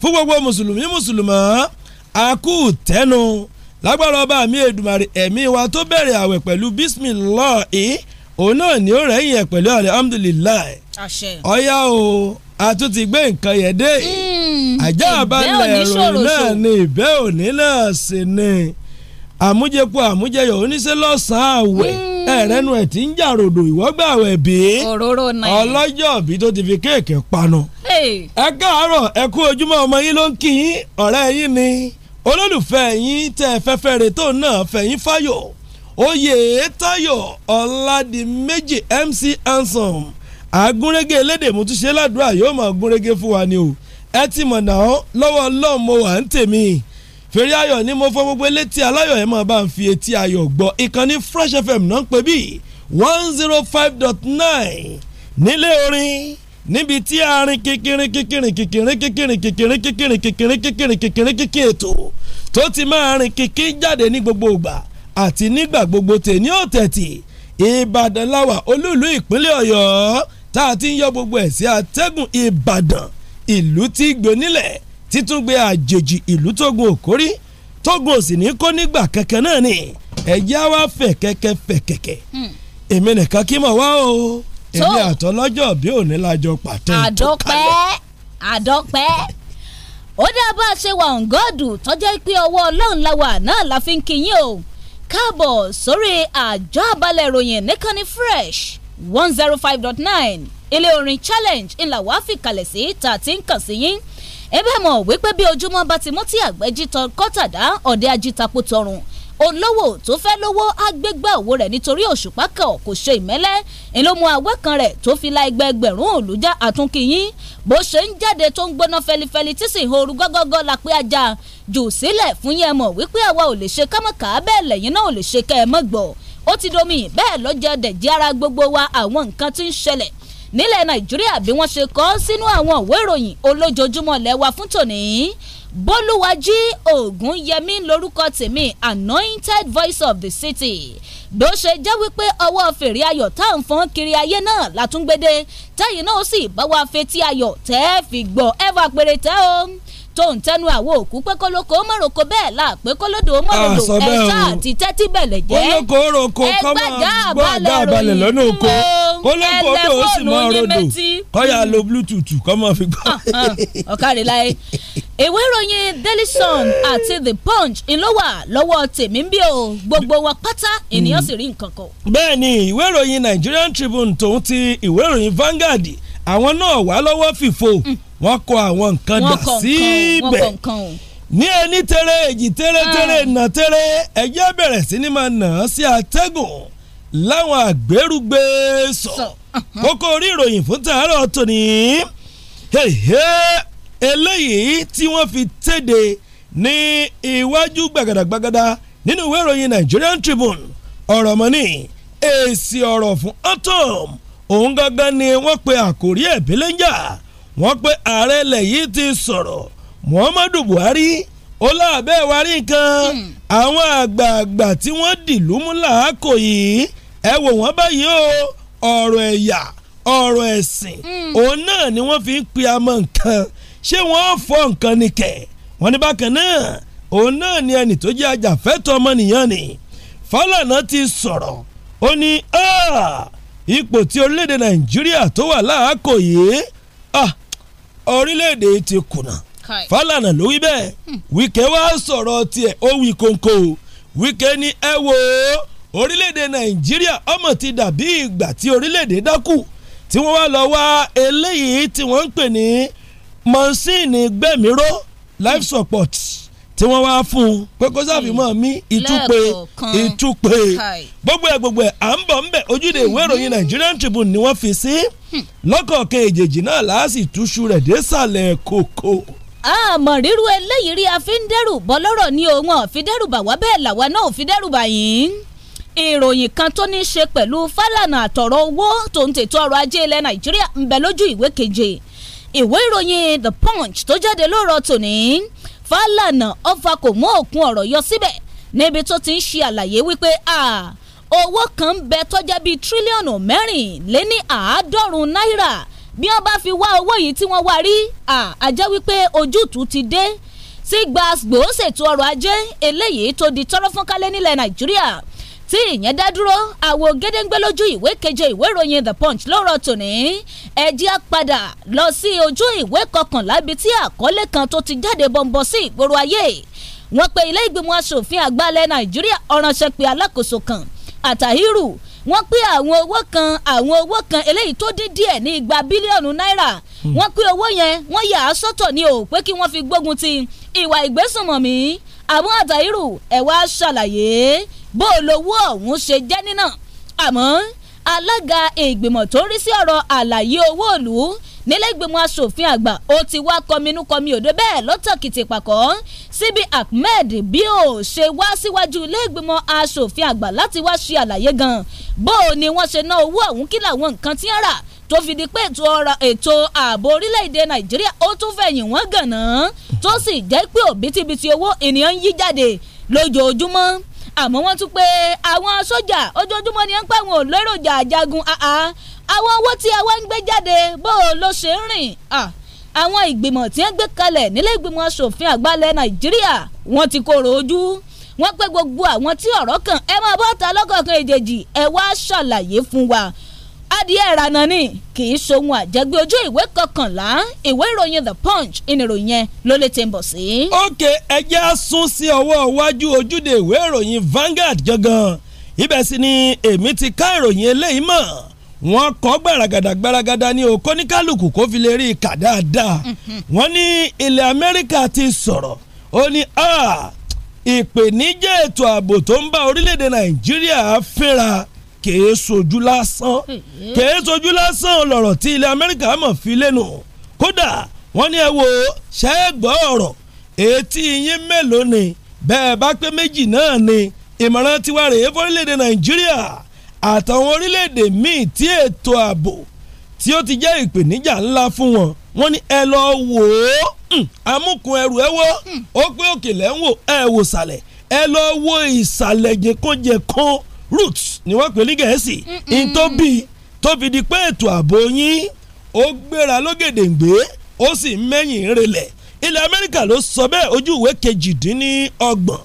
fún gbogbo mùsùlùmí mùsùlùmá a kú tẹnu lágbára ọba mi Èdùmàrè ẹ̀mí wa tó bẹ̀rẹ̀ àwẹ̀ pẹ̀lú bisimilahi òun náà ni ó rẹ̀yìn ẹ̀ pẹ̀lú alihamudulilayi ọ̀yá o a tún ti gbé nǹkan yẹn dé hmm, ajá àbálẹ̀ ìròyìn náà ni ìbẹ́ òní náà sì ni àmújẹkù àmújẹyọ̀ oníṣẹ́ lọ́sàn-án àwẹ̀. Hmm. ọ̀rẹ́ rẹ nu ẹ̀ tí ń jà ròdò ìwọ́gbà àwẹ̀ bí. òróró náà. ọlọ́jọ́ bí tó ti fi kéèkì panu. ẹ káàárọ̀ ẹ kú ojúmọ́ ọmọ yín ló ń kí yín ọ̀rẹ́ yín ni olólùfẹ́ yín tẹ fẹ́fẹ́ rè tó náà fẹ̀yìn fáyọ̀ oyè tayo ọ̀làdìmẹ́jì mc ansom agúnrégé elédè mutúnṣe ládùúrà yóò máa gúnrégé fún wa ni o ẹ ti mọ̀ náà lọ́wọ́ ọlọ́run mo wà ń tèmi fèrè ayọ̀ ni mo fọ gbogbo elétí aláyọ̀ ẹ̀ máa bá ń fi etí ayọ̀ gbọ́ ìkànnì fresh fm náà ń pè bí one zero five dot nine nílé orin níbi tí arin kékeré kékeré kékeré kékeré kékeré kékeré kékeré kékeré kékeré kékeré ètò tó ti máa rin kékeré jáde ní gbogbo ìgbà àti nígbà gbogbo tèmi ò tẹ̀tì ìbàdàn láwà olúùlú ìpínlẹ̀ ọ̀yọ́ tá a ti ń yọ gbogbo ẹ̀ sí atẹ́gùn ìbàdàn ìlú tí gbónílẹ̀ títúngbé àjèjì ìlú tógun òkórí tógun òsì ní kó nígbà kẹ̀kẹ́ náà ni ẹ̀já wa fẹ̀ kẹ̀kẹ́ fẹ̀ kẹ̀kẹ́ hmm. èmi nìkan kí mọ̀ wá o èmi àtọ́lọ́jọ́ bí òní lájọ pàtẹ́ tó kalẹ̀. àdọ́pẹ́ ó dá bá a ṣe wà ǹgọ́ọ̀dù tọ́jẹ́ pé ọwọ́ ọlọ́run láwà náà la fi ń kíyìn o káàbọ̀ sórí àjọ àbálẹ̀ ìròyìn nìkànnì fresh one zero five dot nine ilé orin challenge ńlá wàá fi kalẹ̀ sí tà tí ń kàn sí yín ẹ bẹ́ẹ̀ mọ̀ wípé bí ojúmọ́ bá ti mú tí àgbẹ̀jì tọ kọ́tàdá ọ̀dẹ ajitapo tọrùn olówó tó fẹ́ lówó agbégbá òwò rẹ̀ nítorí òṣùpá kan kò ṣe ìmẹ́lẹ́ ìlómú awẹ́ kan rẹ̀ tó fi la ẹgbẹ́ ẹgbẹ̀rún òlùjá àtúnkìyín bó ṣe ń jáde tó ń gbóná fẹlifẹli tí sì ń horu gọ́gọ́gọ́ la pé ajá jù sílẹ̀ fún yẹn mọ̀ wípé àwa ò lè ṣe kámọ́ká bẹ́ẹ̀ lẹ́yìn náà ò lè ṣe kẹ́ ẹ mọ́ gbọ́ ó ti domi bẹ́ẹ̀ lọ́jọ́ dẹ̀jẹ́ ara gbogbo wa àwọn nǹkan tí ń ṣẹlẹ̀ nílẹ̀ nàìjíríà bí wọ́n ṣe kọ sínú àwọn òwe ìròyìn olójoojúmọ́ lẹ́wà fún tòní ogun ògúnyẹmí lórúkọ tèmi anointed voice of the city bí ó ṣe jẹ́ wípé ọwọ́ fèrè ayọ̀ tá à ń fọ́n kiri ayé náà látúngbédé tẹ́yìn náà sì bá wa fetí ayọ̀ tẹ́ fi gbọ́ ẹ péré tẹ́ o tó ń tẹnu àwo òkú pé kólókó mọ̀rọ̀kọ bẹ́ẹ̀ la pé kólódò mọ̀rọ̀dò ah, ẹ̀ sáà ti tẹ́tí bẹ̀lẹ̀ jẹ́ kólókó roko kọ́mọ lọ́nà oko kólókó odò ó sì mọ rodò kọ́yà lo bluetooth kọ́mọ fi gbọ́. ọ̀kàrẹ̀ láyé ìwé ìròyìn Daily Sun àti The Punch ló wà lọ́wọ́ tèmi bí o gbogbo wa pátá ènìyàn sì rí nǹkan kan. bẹ́ẹ̀ ìwé ìròyìn Nigerian Tribune tòun ti ìwé ìròyìn Vanguard àwọn náà wà lọ́wọ́ fìfò mm. wọ́n kọ àwọn nǹkan dà síbẹ̀ ní ẹni tẹ́rẹ́ èjì tẹ́rẹ́ ah. tẹ́rẹ́ nà tẹ́rẹ́ ẹ̀jẹ̀ bẹ̀rẹ̀ sí ni máa nà á sí àtẹ́gùn láwọn àgbérùgbé sọ kókó orí ìròyìn fún tàárọ̀ tòní eléyìí tí wọ́n fi tẹ́de ní iwájú gbàgàdàgbàgàdà nínú ìwé ìròyìn Nigerian Tribune ọ̀rọ̀ mọ́ni èsì ọ̀rọ̀ fún autumn òun gangan ni wọ́n pe àkòrí ẹ̀ belenja wọ́n pe ààrẹ ilẹ̀ yìí ti sọ̀rọ̀ Muhammadu Buhari ó láàbẹ̀ wa rí nǹkan hmm. àwọn àgbààgbà tí wọ́n dìlú mú làákò yìí ẹ wò wọ́n báyìí o ọ̀rọ̀ ẹ̀yà ọ̀rọ̀ ẹ̀sìn hmm. òun náà ni wọ́n fi ń pe amọ̀ nǹkan ṣé wọ́n fọ nǹkan ni kẹ̀ wọ́n ní bákan náà òun náà ni ẹnì tó jẹ́ ajàfẹ́tọ̀ ọmọnìyàn ni Fálànà ti sọ̀rọ̀ ó ní ipò tí orílẹ̀-èdè nàìjíríà tó wà láàkó yìí ah, orílẹ̀-èdè ti kùnà Fálànà ló wí bẹ́ẹ̀ hmm. Wike wá sọ̀rọ̀ tiẹ̀ ó wí kóńkó Wike ní ẹ wo orílẹ̀-èdè nàìjíríà ọmọ ti dàbí ìgbà tí orílẹ̀-èdè dákú tí wọ́n wá lọ wá eléyìí tí wọ́n ń pè ní mọ́sìnì gbẹ̀míró life support. Hmm tí wọ́n wá fún un pé kó mi ìtúpe ìtúpe gbogbo ẹ̀ gbogbo à ń bọ̀ ń bẹ̀ ojúde ìwé ìròyìn Nigerian Tribune ni wọ́n fi sí hmm. lọ́kọ̀ọ̀kan èjèèjì náà láàsì túṣu rẹ̀ dé sàlẹ̀ kòkó àmọ́ ríru eléyìí rí a bọ́ lọ́rọ̀ ní òun ọ̀fi wá bẹ́ẹ̀ làwa náà yìí. ìròyìn kan tó ní ṣe pẹ̀lú The Punch tó jáde Fálànà ọfà kò mú òkun ọ̀rọ̀ yọ síbẹ̀ níbi tó ti ń ṣe àlàyé wípé owó kan ń bẹ tọ́já bíi tírílíọ̀nù mẹ́rìnléní àádọ́rùn-ún náírà bí wọ́n bá fi wá owó yìí tí wọ́n wá rí àjẹ́ wípé ojútùú ti dé sí gbàgbó ṣètò ọrọ̀ ajé eléyìí tó di tọ́rọ́ fọ́nkálẹ̀ nílẹ̀ Nàìjíríà tí ìyẹn dá dúró àwo gédéǹgbé lójú ìwé keje ìwé ìròyìn the punch lọ́rọ̀ tòní ẹ̀jẹ̀ á padà lọ sí ojú ìwé kọkànlá bíi tí àkọlé kan tó ti jáde bọ̀m̀bọ̀ sí ìgboro ayé wọ́n pe ilé ìgbìmọ̀ asòfin àgbà ilẹ̀ nàìjíríà ọ̀ránṣẹ́ pé alákòóso kan àtàhírù wọ́n pín àwọn owó kan àwọn owó kan eléyìí tó dín díẹ̀ ní igba bílíọ̀nù náírà hmm. wọ́n pín owó yẹn wọ́n yà á sọ́tọ̀ ní o pé kí wọ́n fi gbógun ti ìwà ìgbésùnmọ̀mí àmọ́ àtàírù ẹ̀ wá ṣàlàyé bó lówó ọ̀hún ṣe jẹ́ nínà àmọ́ alága ìgbìmọ̀ tó ń rí sí ọ̀rọ̀ àlàyé owó ìlú nílé ìgbìmọ̀ asòfin àgbà ó ti wá kọminú kọmi òde bẹ́ẹ̀ lọ́tọ̀kìtì pàkọ́ síbi Ahmed bí ó ṣe wá síwájú ilé ìgbìmọ̀ asòfin àgbà láti wá ṣe àlàyé gan bó o ni wọ́n ṣe ná owó ọ̀hún kí làwọn nǹkan tí ń rà tó fi di pé ètò ọ̀rọ̀ ètò ààbò orílẹ̀-èdè nàìjíríà ó tún fẹ̀yìn wọ́n gànà tó sì jẹ́ pé òbítíbitì owó ènìyàn ń yí jáde lójoojúmọ́ àmọ́ wọ́n tún pé àwọn sójà ojoojúmọ́ ni wọ́n ń pẹ́ wọn ò léròjà jagun àwọn owó tí àwọn ń gbé jáde bó o ló ṣe ń rìn àwọn ìgbìmọ̀ tí wọ́n gbé kalẹ̀ nílé ìgbìmọ̀ asòfin àgbàlẹ̀ nàìjíríà wọ́n ti kóró ojú wọ́n pé gbogbo àwọn tí ọ̀rọ̀ kàn ẹ máa bọ́ ta lọ́kọ̀ọ̀kan èjèèjì ẹ wá ṣàlàyé fún wa adìẹ ìrànà ni kì í ṣohun àjẹgbé ojú ìwé kọkànlá ìwé ìròyìn the punch ìnìròyìn ló lè ti ń bọ̀ sí. òkè ẹjẹ́ á sún sí ọwọ́ iwájú ojúde ìwé ìròyìn Vanguard gangan ibẹ̀ sì ni èmi ti ká ìròyìn eléyìí mọ̀ wọ́n kọ́ gbàràgàdà gbàràgàdà ní okó ní kálukú kó fi lè rí i kà dáadáa mhm. wọ́n ní ilẹ̀ Amẹ́ríkà ti sọ̀rọ̀ ó ní ah, ìpèníjà ètò ààbò tó ń bá orílẹ̀-èdè Nàìjíríà fínra kèé sojú lásán kèé sojú lásán lọ̀rọ̀ tí ilẹ̀ Amẹ́ríkà mọ̀ fi lẹ́nu kódà wọ́n ní ẹ wo ṣẹ́gbọ́ ọ̀rọ̀ etí yín mélòó ni bẹ́ẹ̀ bá pé méjì náà ni ìmọ̀ràn tiwa rèé fọ́rílẹ̀-èdè Nàìjíríà àtàwọn orílẹ̀-èdè míì tí ètò ààbò tí ó ti jẹ́ ìpèníjà ńlá fún wọn wọ́n ní ẹ lọ wò ó hmm, amúkun ẹrù ẹ wọ́ hmm. ó pé òkèlè ń wò ẹ wò sàlẹ̀ ẹ lọ wo ìsàlẹ̀ jẹ̀kọ́jẹ̀kan roots ni wọ́n pè ní gẹ̀ẹ́sì in tó bí tó fi di pé ètò ààbò yín ó gbéra lógèdèǹgbé ó sì mẹ́yìn relẹ̀ ilẹ̀ amẹ́ríkà ló sọ bẹ́ẹ̀ ojú ìwé kejìdínlọ́gbọ̀n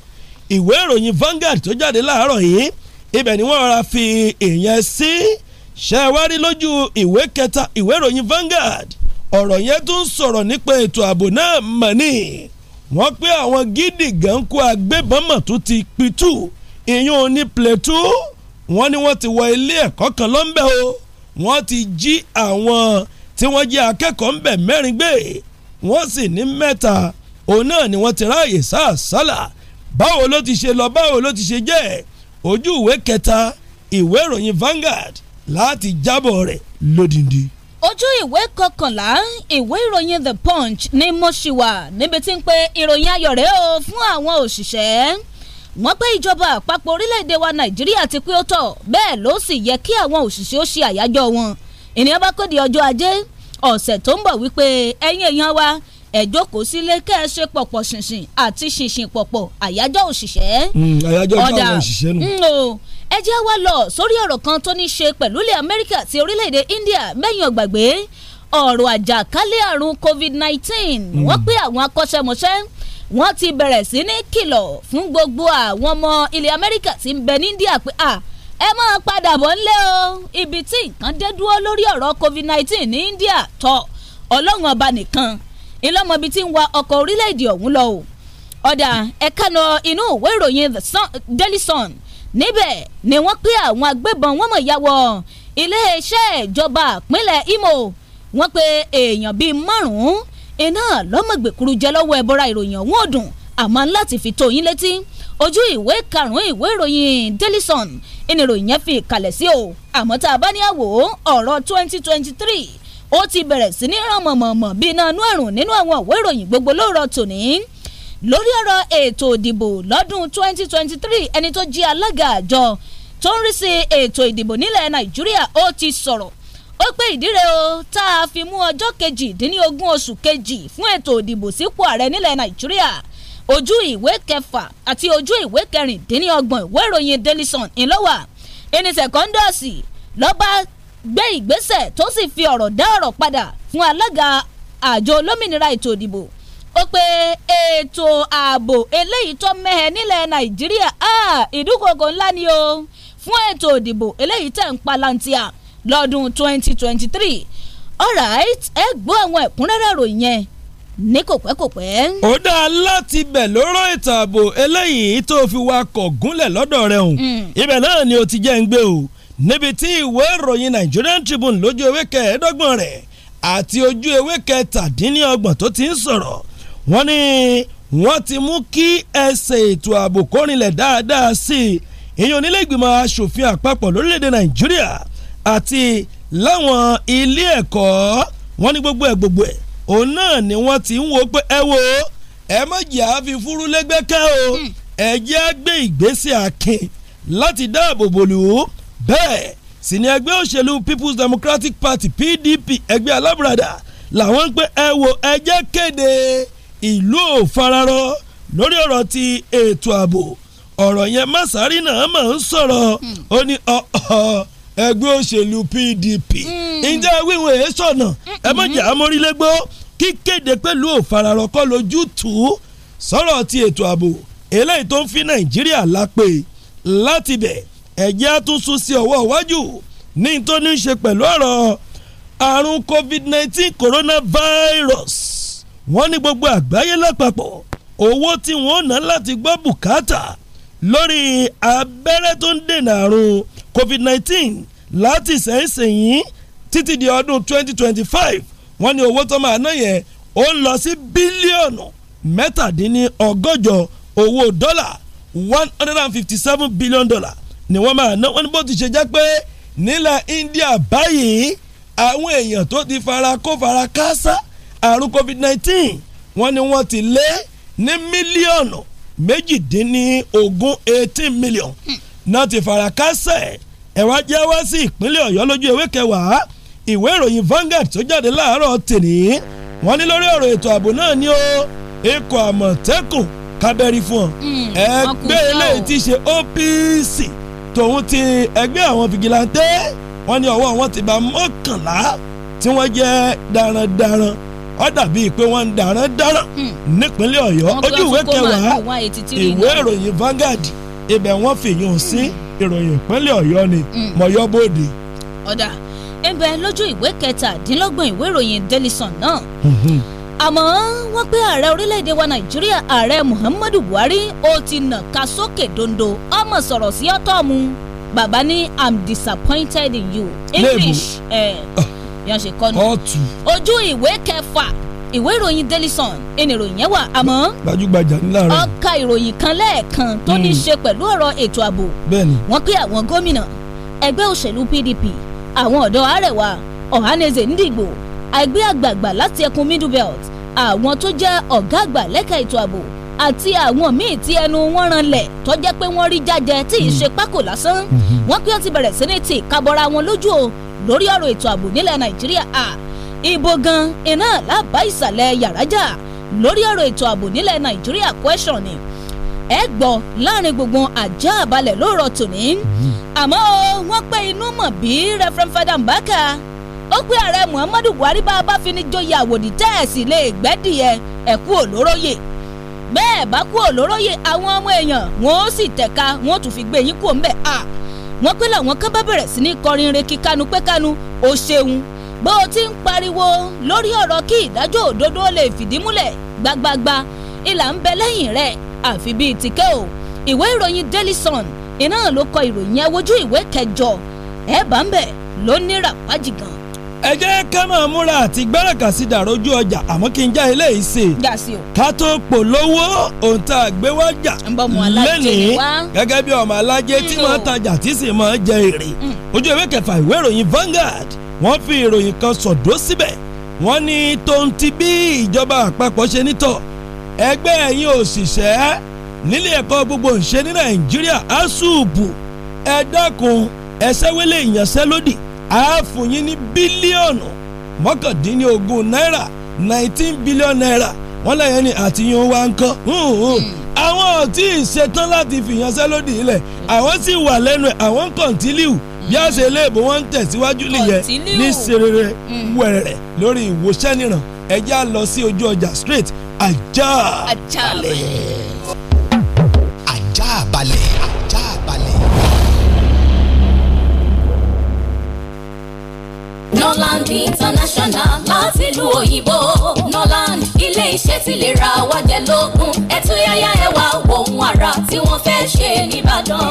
ìwé ìròyìn Vanguard tó jáde láàárọ̀ yìí ibẹ̀ ni wọ́n ra fi ìyẹn sí ṣe wá rí lójú ìwé kẹta ìwé ìròyìn Vanguard ọ̀rọ̀ yẹn tún sọ̀rọ̀ nípa ètò ààbò náà mọ̀ ní wọ́n pé àwọn gidi gan kó agbébọn mọ̀ tó ti pitú ìyún ní Plateau wọ́n ní wọ́n ti wọ ilé ẹ̀kọ́ kan lọ́nbẹ̀ o wọ́n ti jí àwọn tí wọ́n jẹ́ akẹ́kọ̀ọ́ ńbẹ̀ mẹ́rin gbé wọ́n sì ní mẹ́ta òun náà ni wọ́n ti ráàyè sáàsálà báwo ló ti ṣe lọ báwo ló ti ṣe jẹ́ ojú ìwé kẹta ìwé ìròyìn Vanguard láti jábọ̀ rẹ̀ lódìndí ojú ìwé kọkànlá ìwé ìròyìn the punch ni mo ṣì wà níbi tí ń pe ìròyìn ayọ̀ rẹ̀ o fún àwọn òṣìṣẹ́ wọ́n pé ìjọba àpapọ̀ orílẹ̀-èdè wa nàìjíríà ti pé ó tọ́ bẹ́ẹ̀ ló sì yẹ kí àwọn òṣìṣẹ́ ó ṣe àyájọ́ wọn ènìyàn bá kéde ọjọ́ ajé ọ̀sẹ̀ tó ń bọ̀ wípé ẹ̀yin èèyàn wa ẹ jókòó sílé kẹ́ ẹ ṣe pọ̀pọ̀ ṣìnṣìn àti ṣìnṣìn pọ̀pọ̀ àyájọ́ òṣìṣẹ́. Hmm, àyájọ́ káwọn òṣìṣẹ́ nù. Hmm, ẹ jẹ́ wá lọ sórí ọ̀rọ̀ kan tó ní ṣe pẹ̀lú ilẹ̀ amẹ́ríkà ti orílẹ̀-èdè india mẹ́yìn ọ̀gbàgbé ọ̀rọ̀ àjàkálẹ̀ àrùn covid-19 hmm. wọ́n pé àwọn akọ́ṣẹ́mọṣẹ́ wọ́n ti bẹ̀rẹ̀ sí ní kìlọ̀ fún gbogbo àwọn ọmọ ilẹ̀ Amẹ́ríkà tí ń bẹ ní India pé à ẹ máa padà bọ̀ ńlẹ̀ o ibi tí nǹkan dé dúró lórí ọ̀rọ̀ COVID-19 ní India tọ̀ ọlọ́run ọba nìkan ìlọ́mọbi tí ń wa ọkọ̀ orílẹ̀-èdè ọ̀hún lọ o ọ̀dà ẹ̀kánná inú ìwé ìròyìn the sun, Daily Sun níbẹ̀ ni wọ́n pé àwọn agbébọn wọ́n mọ̀ ya wọ iléeṣẹ́ ìjọba ìpínlẹ̀ Imo wọ́n pe èèyàn bíi márùn-ún iná lọ́mọ̀gbèkuru jẹ́ lọ́wọ́ ẹ̀bọ́ra ìròyìn ọ̀hún ọ̀dùn àmọ́ láti fi tó yín létí ojú ìwé karùn-ún ìwé ìròyìn Daily Sun ìnìròyìn yẹn fi ìkàlẹ̀ sí o àmọ́ tá a bá ní àwò ọ̀rọ̀ 2023 ó ti bẹ̀rẹ̀ sí ní ràn mọ̀mọ̀mọ̀ bíi iná inú ẹ̀rùn nínú àwọn ìwé ìròyìn gbogbo lóòrọ̀ tòní lórí ọ̀rọ̀ ètò ìdìbò lọ́dún 2023 ẹni tó jí alága àjọ tó ń rí sí ètò ìdìbò nílẹ̀ Nàìjíríà ó ti sọ̀rọ̀ ó pé ìdíre o tá a fi mú ọjọ́ kejì dín ní ogún oṣù kejì fún ètò ìdìbò sípò ààrẹ nílẹ̀ nàìjíríà ojú ìwé kẹfà àti ojú ìwé kẹrìndínlọ́gbọ̀n ìwé ìròyìn daily sun ńlọ́wà ẹni sẹ̀kọ́ndọ̀sì lọ́ba gbé ìgbésẹ̀ tó sì fi ọ̀rọ̀ dá ọ̀rọ̀ padà fún alága àjọ olómìnira ètò ìdìbò ó pé ètò ààbò eléyìí tó mẹ́hẹ̀ nílẹ̀ nàìjíríà ah, ìdúkokò ńlá ni o fún ètò ìdìbò eléyìí tẹ̀ ń palantia lọ́dún 2023 alright ẹ gbọ́ àwọn ẹ̀kúnrẹ́rẹ́ ròyìn yẹn ní kò pẹ́ kò pẹ́. ó dáa láti bẹ̀ lóró ètò ààbò eléyìí tó fi wa kọ̀ gúnlẹ̀ lọ́dọ̀ rẹ̀ hùn mm. ibẹ̀ náà ni ó ti jẹ́ ń gbé o níbi tí ìwé ìròyìn Nigerian Tribune lójú ewé kẹẹ̀ẹ́dọ́gbọ̀n rẹ̀ àti ojú ewé kẹtàdínlọ́gbọ̀n tó ti ń sọ̀rọ̀ wọ́n ní wọ́n ti mú kí ẹsẹ̀ ètò ààbò kórìnlẹ̀ dáadáa sí i ìyọ̀nilẹ́gbìmọ̀ asòfin àpapọ̀ lórílẹ̀‐èdè Nàìjíríà àti láwọn ilé ẹ̀kọ́ wọ́n ní gbogbo ẹ̀ gbogbo ẹ̀ òun náà ni wọ́n ti ń wo pé ẹ wo ẹ mọ̀jì àfi fúrú lẹ́gbẹ́ ká o hmm. ẹ jẹ́ gbé ìgbésẹ̀ akin láti dáàbò bòlù bẹ́ẹ̀ sì ni ẹgbẹ́ òṣèlú People's Democratic Party PDP ẹgbẹ́ alábùradà làwọn ń pé ẹ wo ẹ jẹ́ kéde ìlú òfararọ lórí ọ̀rọ̀ ti ètò ààbò ọ̀rọ̀ yẹn Masari náà máa ń sọ̀rọ̀ hmm. ó ní ọ̀ọ́ ẹgbẹ́ òṣèlú PDP mm. ǹjẹ́ wíwọ̀n èé sọ̀nà ẹ mọ̀jà amórílégbó kíkéde pẹ̀lú òfararọ̀ kọ́ lójú tù ú sọ̀rọ̀ ti ètò ààbò eléyìí tó ń fi Nàìjíríà lápè láti bẹ̀ ẹ̀jẹ̀ àtúnṣu sí ọwọ́ iwájú ní tó ní í ṣe pẹ̀lú ọ̀rọ̀ àrùn COVID-19 coronavirus wọ́n ní gbogbo àgbáyé lápapọ̀ owó tí wọ́n ná láti gbọ́ bùkátà lórí abẹ́rẹ́ tó ń dènà àrùn covid nineteen láti sẹ́yìnsẹ̀yìn títí di ọdún twenty twenty five wọ́n ní owó tó máa ná yẹn ó ń lọ sí bílíọ̀nù mẹ́tàdínlọ́gọ́jọ owó dọ́là one hundred and fifty seven billion dollar ni wọ́n máa ná wọ́n ní bó ti ṣe jẹ́ pé nílẹ̀ India báyìí àwọn èèyàn tó ti fara kó fara káásá àrùn covid nineteen wọ́n ní wọ́n ti lé ní mílíọ̀nù méjìdínlógún eighteen million hmm. náà ti fara káásá ẹ̀ ẹ wá jẹ́ wá sí ìpínlẹ̀ ọ̀yọ́ lójú ewé kẹwàá ìwé ìròyìn Vanguard tó jáde láàárọ̀ tèní wọ́n ní lórí ọ̀rọ̀ ètò ààbò náà ni ó ikọ̀ àmọ̀tẹ́kùn kábẹ́rí fún ọ hmm, ẹgbẹ́ eléyìí ti ṣe OPC tòun ti ẹgbẹ́ àwọn fìgìláńtẹ́ wọ́n ní ọwọ́ wọn ti bá mọ́kànlá tí wọ́n jẹ́ darandaran ó dàbíi pé wọ́n ń darandaran hmm. nípínlẹ̀ ọ̀yọ́ ojú ìwé kẹwàá ìwé ìròyìn Vanguard ibẹ̀ wọ́n fìyàn sí ìròyìn ìpínlẹ̀ ọ̀yọ́ ni mm. mọ̀yọ́bòde. ọ̀dà ẹ̀bẹ̀ lójú ìwé kẹtàdínlọ́gbọ̀n ìwé ìròyìn Daily Sun náà mhm. àmọ́ wọ́n pé ààrẹ orílẹ̀-èdè wa nàìjíríà ààrẹ muhammadu buhari ó ti nà ká sókè dondo ọmọ sọ̀rọ̀ sí ọ́tọ́ọ̀mù bàbá ní i'm disappointed in you english ẹ̀ eh, yàn ah. ṣe kọ́nu ojú ìwé kẹfà ìwé ìròyìn Daily Sun ẹni ìròyìn yẹn wà àmọ́. gbajúgbajà ńlá rẹ. ọ̀ka ìròyìn kan lẹ́ẹ̀kan tó ní í hmm. ṣe pẹ̀lú ọ̀rọ̀ ètò ààbò. bẹ́ẹ̀ni. wọ́n pé àwọn gómìnà ẹgbẹ́ òṣèlú PDP àwọn ọ̀dọ́ Arewa Ohanaeze Ndigbo ẹgbẹ́ àgbààgbà láti ẹkùn Middle Belt àwọn tó jẹ́ ọ̀gá àgbà lẹ́ka ètò ààbò àti àwọn míì tí ẹnu wọn ranlẹ̀ tó jẹ́ pé wọ́n rí jájẹ tí ì hmm. ṣe pákó lásán hmm. wọ́n pé wọ́n ti bẹ̀rẹ̀ sí ní tì kábọ́ra wọn lójú o lórí ọ̀rọ̀ ètò ààbò nílẹ̀ Nàìjíríà ibo gan iná lábá ìsàlẹ̀ yàrá jà lórí ọ̀rọ̀ ètò ààbò nílẹ̀ nàìjíríà question ni ẹ gbọ́ láàrin gbogbo àjà àbálẹ̀ lóòrọ̀ tòní àmọ́ wọ́n pé inú mọ̀ bí reverend father mbaka ó pé ààrẹ muhammadu buhari bá a bá fi ní joyè àwòdì tẹ́ẹ̀sì lè gbẹ́dìyẹ ẹ̀kú olóróyè bẹ́ẹ̀ bá kú olóróyè àwọn ọmọ èèyàn wọn ó sì tẹ̀ka wọn ó tún fi gbé yín kú òun bẹ́ẹ̀ à wọ́n pé làwọn kan sí ní kọrin re kíkanu pé ó ṣeun bó o ti ń pariwo lórí ọ̀rọ̀ kí ìdájọ́ òdodo lè fìdí múlẹ̀ gbagbagba ìlà ń bẹ lẹ́yìn rẹ̀ àfi bíi tìkẹ́ o ìwé ìròyìn Daily Sun iná ló kọ ìròyìn ẹ ìwé kẹjọ ẹ bá ń ló ní ràpájì gan. ẹ jẹ́ ká máa múra àti gbẹ́rẹ̀kà sí ọjà àmọ́ kí n já eléyìí sí i ká tó lẹ́nìí gẹ́gẹ́ bí ọmọ alájẹ wọ́n fi ìròyìn kan sọ̀dọ́ síbẹ̀ wọ́n ní tóun ti bí ìjọba àpapọ̀ ṣe nítọ̀ ẹgbẹ́ ẹ̀yin òṣìṣẹ́ nílé ẹ̀kọ́ gbogbo ìṣe ní nàìjíríà asuubu ẹ dákun ẹsẹ́wélé ìyànṣẹ́lódì àáfùyín ní bílíọ̀nù mọ́kàndínlógún náírà nineteen billion naira wọ́n lẹ́yìn ní àtìyàn wa ń kọ́ hmm. àwọn ò tí ì ṣetán láti fìyànṣẹ́lódì ilẹ̀ àwọn sì wà lẹ́nu ẹ̀ àwọn kọ̀ǹtìlíù bí a ṣe léèbó wọn ń tẹ̀síwájú nìyẹn ní serere mm. wẹ̀rẹ̀ lórí ìwòsàn ìràn ẹjẹ́ á lọ sí ojú ọjà straight àjàlẹ̀. Norland International láti ìlú òyìnbó Norland ilé iṣẹ́ tí lè ra wájẹ lógún ẹ̀túnyáyá ẹwà ohun àrà tí wọ́n fẹ́ ṣe nìbàdàn.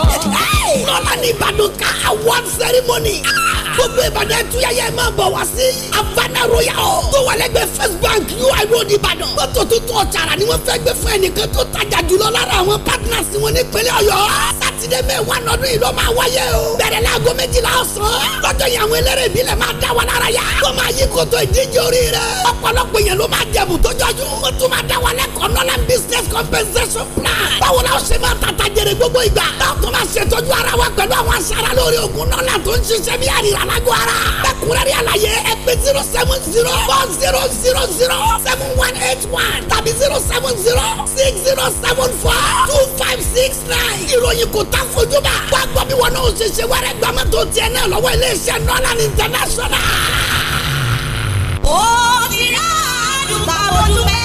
Norland Ìbàdàn ká award ceremony ah! gbogbo Ìbàdàn ẹ̀túnyáyá ẹ̀ máa bọ̀ wá sí Havana Royal tó wà lẹ́gbẹ̀ẹ́ First Bank UI Road Ìbàdàn mọ́tò tuntun ọ̀tàrà ni wọ́n fẹ́ gbé fún ẹnìkan tó tajà jùlọ lára àwọn partners wọn nípínlẹ̀ Ọ̀yọ́ sátidé mẹ́wàá lọ́dún yìí ló máa wáyé o bẹ̀rẹ̀ láago méjìlá ọ̀sán lọ́jọ́ yẹn àwọn eléré ìbílẹ̀ máa dá wa lára yá. tó máa yí koto ìdíje orí rẹ̀. ọ̀pọ̀lọpọ̀ yẹn ló máa jẹ̀bù tó jọjú. ó tún máa dá wa lẹ́kọ̀ọ́ nọ́lá business compensation plan. báwo la ṣe máa tata jèrè gbogbo ìgbà. báwo tó máa ṣètọ́jú ara wa pẹ̀lú àwọn aṣara lórí ògùn nọ́lá tó ń ṣiṣẹ́ bí àrírà lágọ̀ ara. lẹ́kùnrẹ́rì àlàyé ẹ zero seven zero four zero zero zero seven one eight one tàbí zero seven zero six zero seven four two five six nine. ìròyìn kò tá fojú bá. wàá gbọ́ bí wọn náà ṣe ṣe wẹ́rẹ́ gbàmọ́ tó tiẹ̀ náà lọ́wọ́ iléeṣẹ́ nọ́lá international. O Ordinário da tá Boa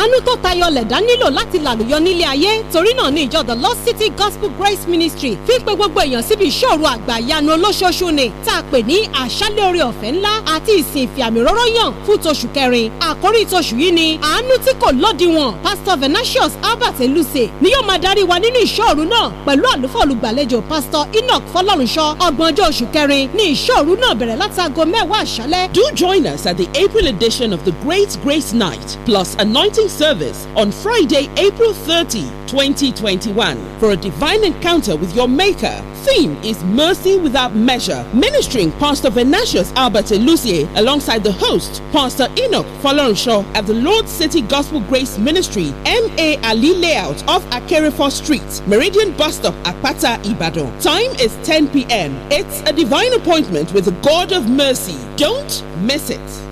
àánú tó tayọ lẹ̀dá nílò láti làlùyọ nílé ayé torí náà ní ìjọ the Lost City Gospel Grace Ministry fi ń pe gbogbo èèyàn síbi ìṣòro àgbàyanu olóṣooṣù ni tá a pè ní àṣálẹ̀ oore ọ̀fẹ́ ńlá àti ìsìn ìfìàmìrọ́rọ́ yàn fún toṣù kẹrin àkórí toṣù yìí ni àánú tí kò lódiwọ̀n Pastor Venantius Albert Eluse ni yóò máa darí wa nínú ìṣòro náà pẹ̀lú àlùfọ́ olùgbàlejò Pastor Enoch Fọlọ́runṣọ ọgbọ̀njọ́ oṣù kẹrin ni ìṣòro náà bẹ̀rẹ̀ látago mẹ́wàá àṣálẹ̀. Do join us at the April edition of the Great Grace Night plus anointing divine service on Friday, April 30, 2021 for a divine encounter with your Maker. Theme is Mercy Without Measure. Ministering Pastor Venatius Albert Lucier alongside the host, Pastor Enoch Falonshaw at the Lord City Gospel Grace Ministry, MA Ali Layout off Akerefo Street, Meridian Bus Stop, Akpata, Ibadan. Time is 10 p.m. It's a divine appointment with the God of Mercy. Don't miss it.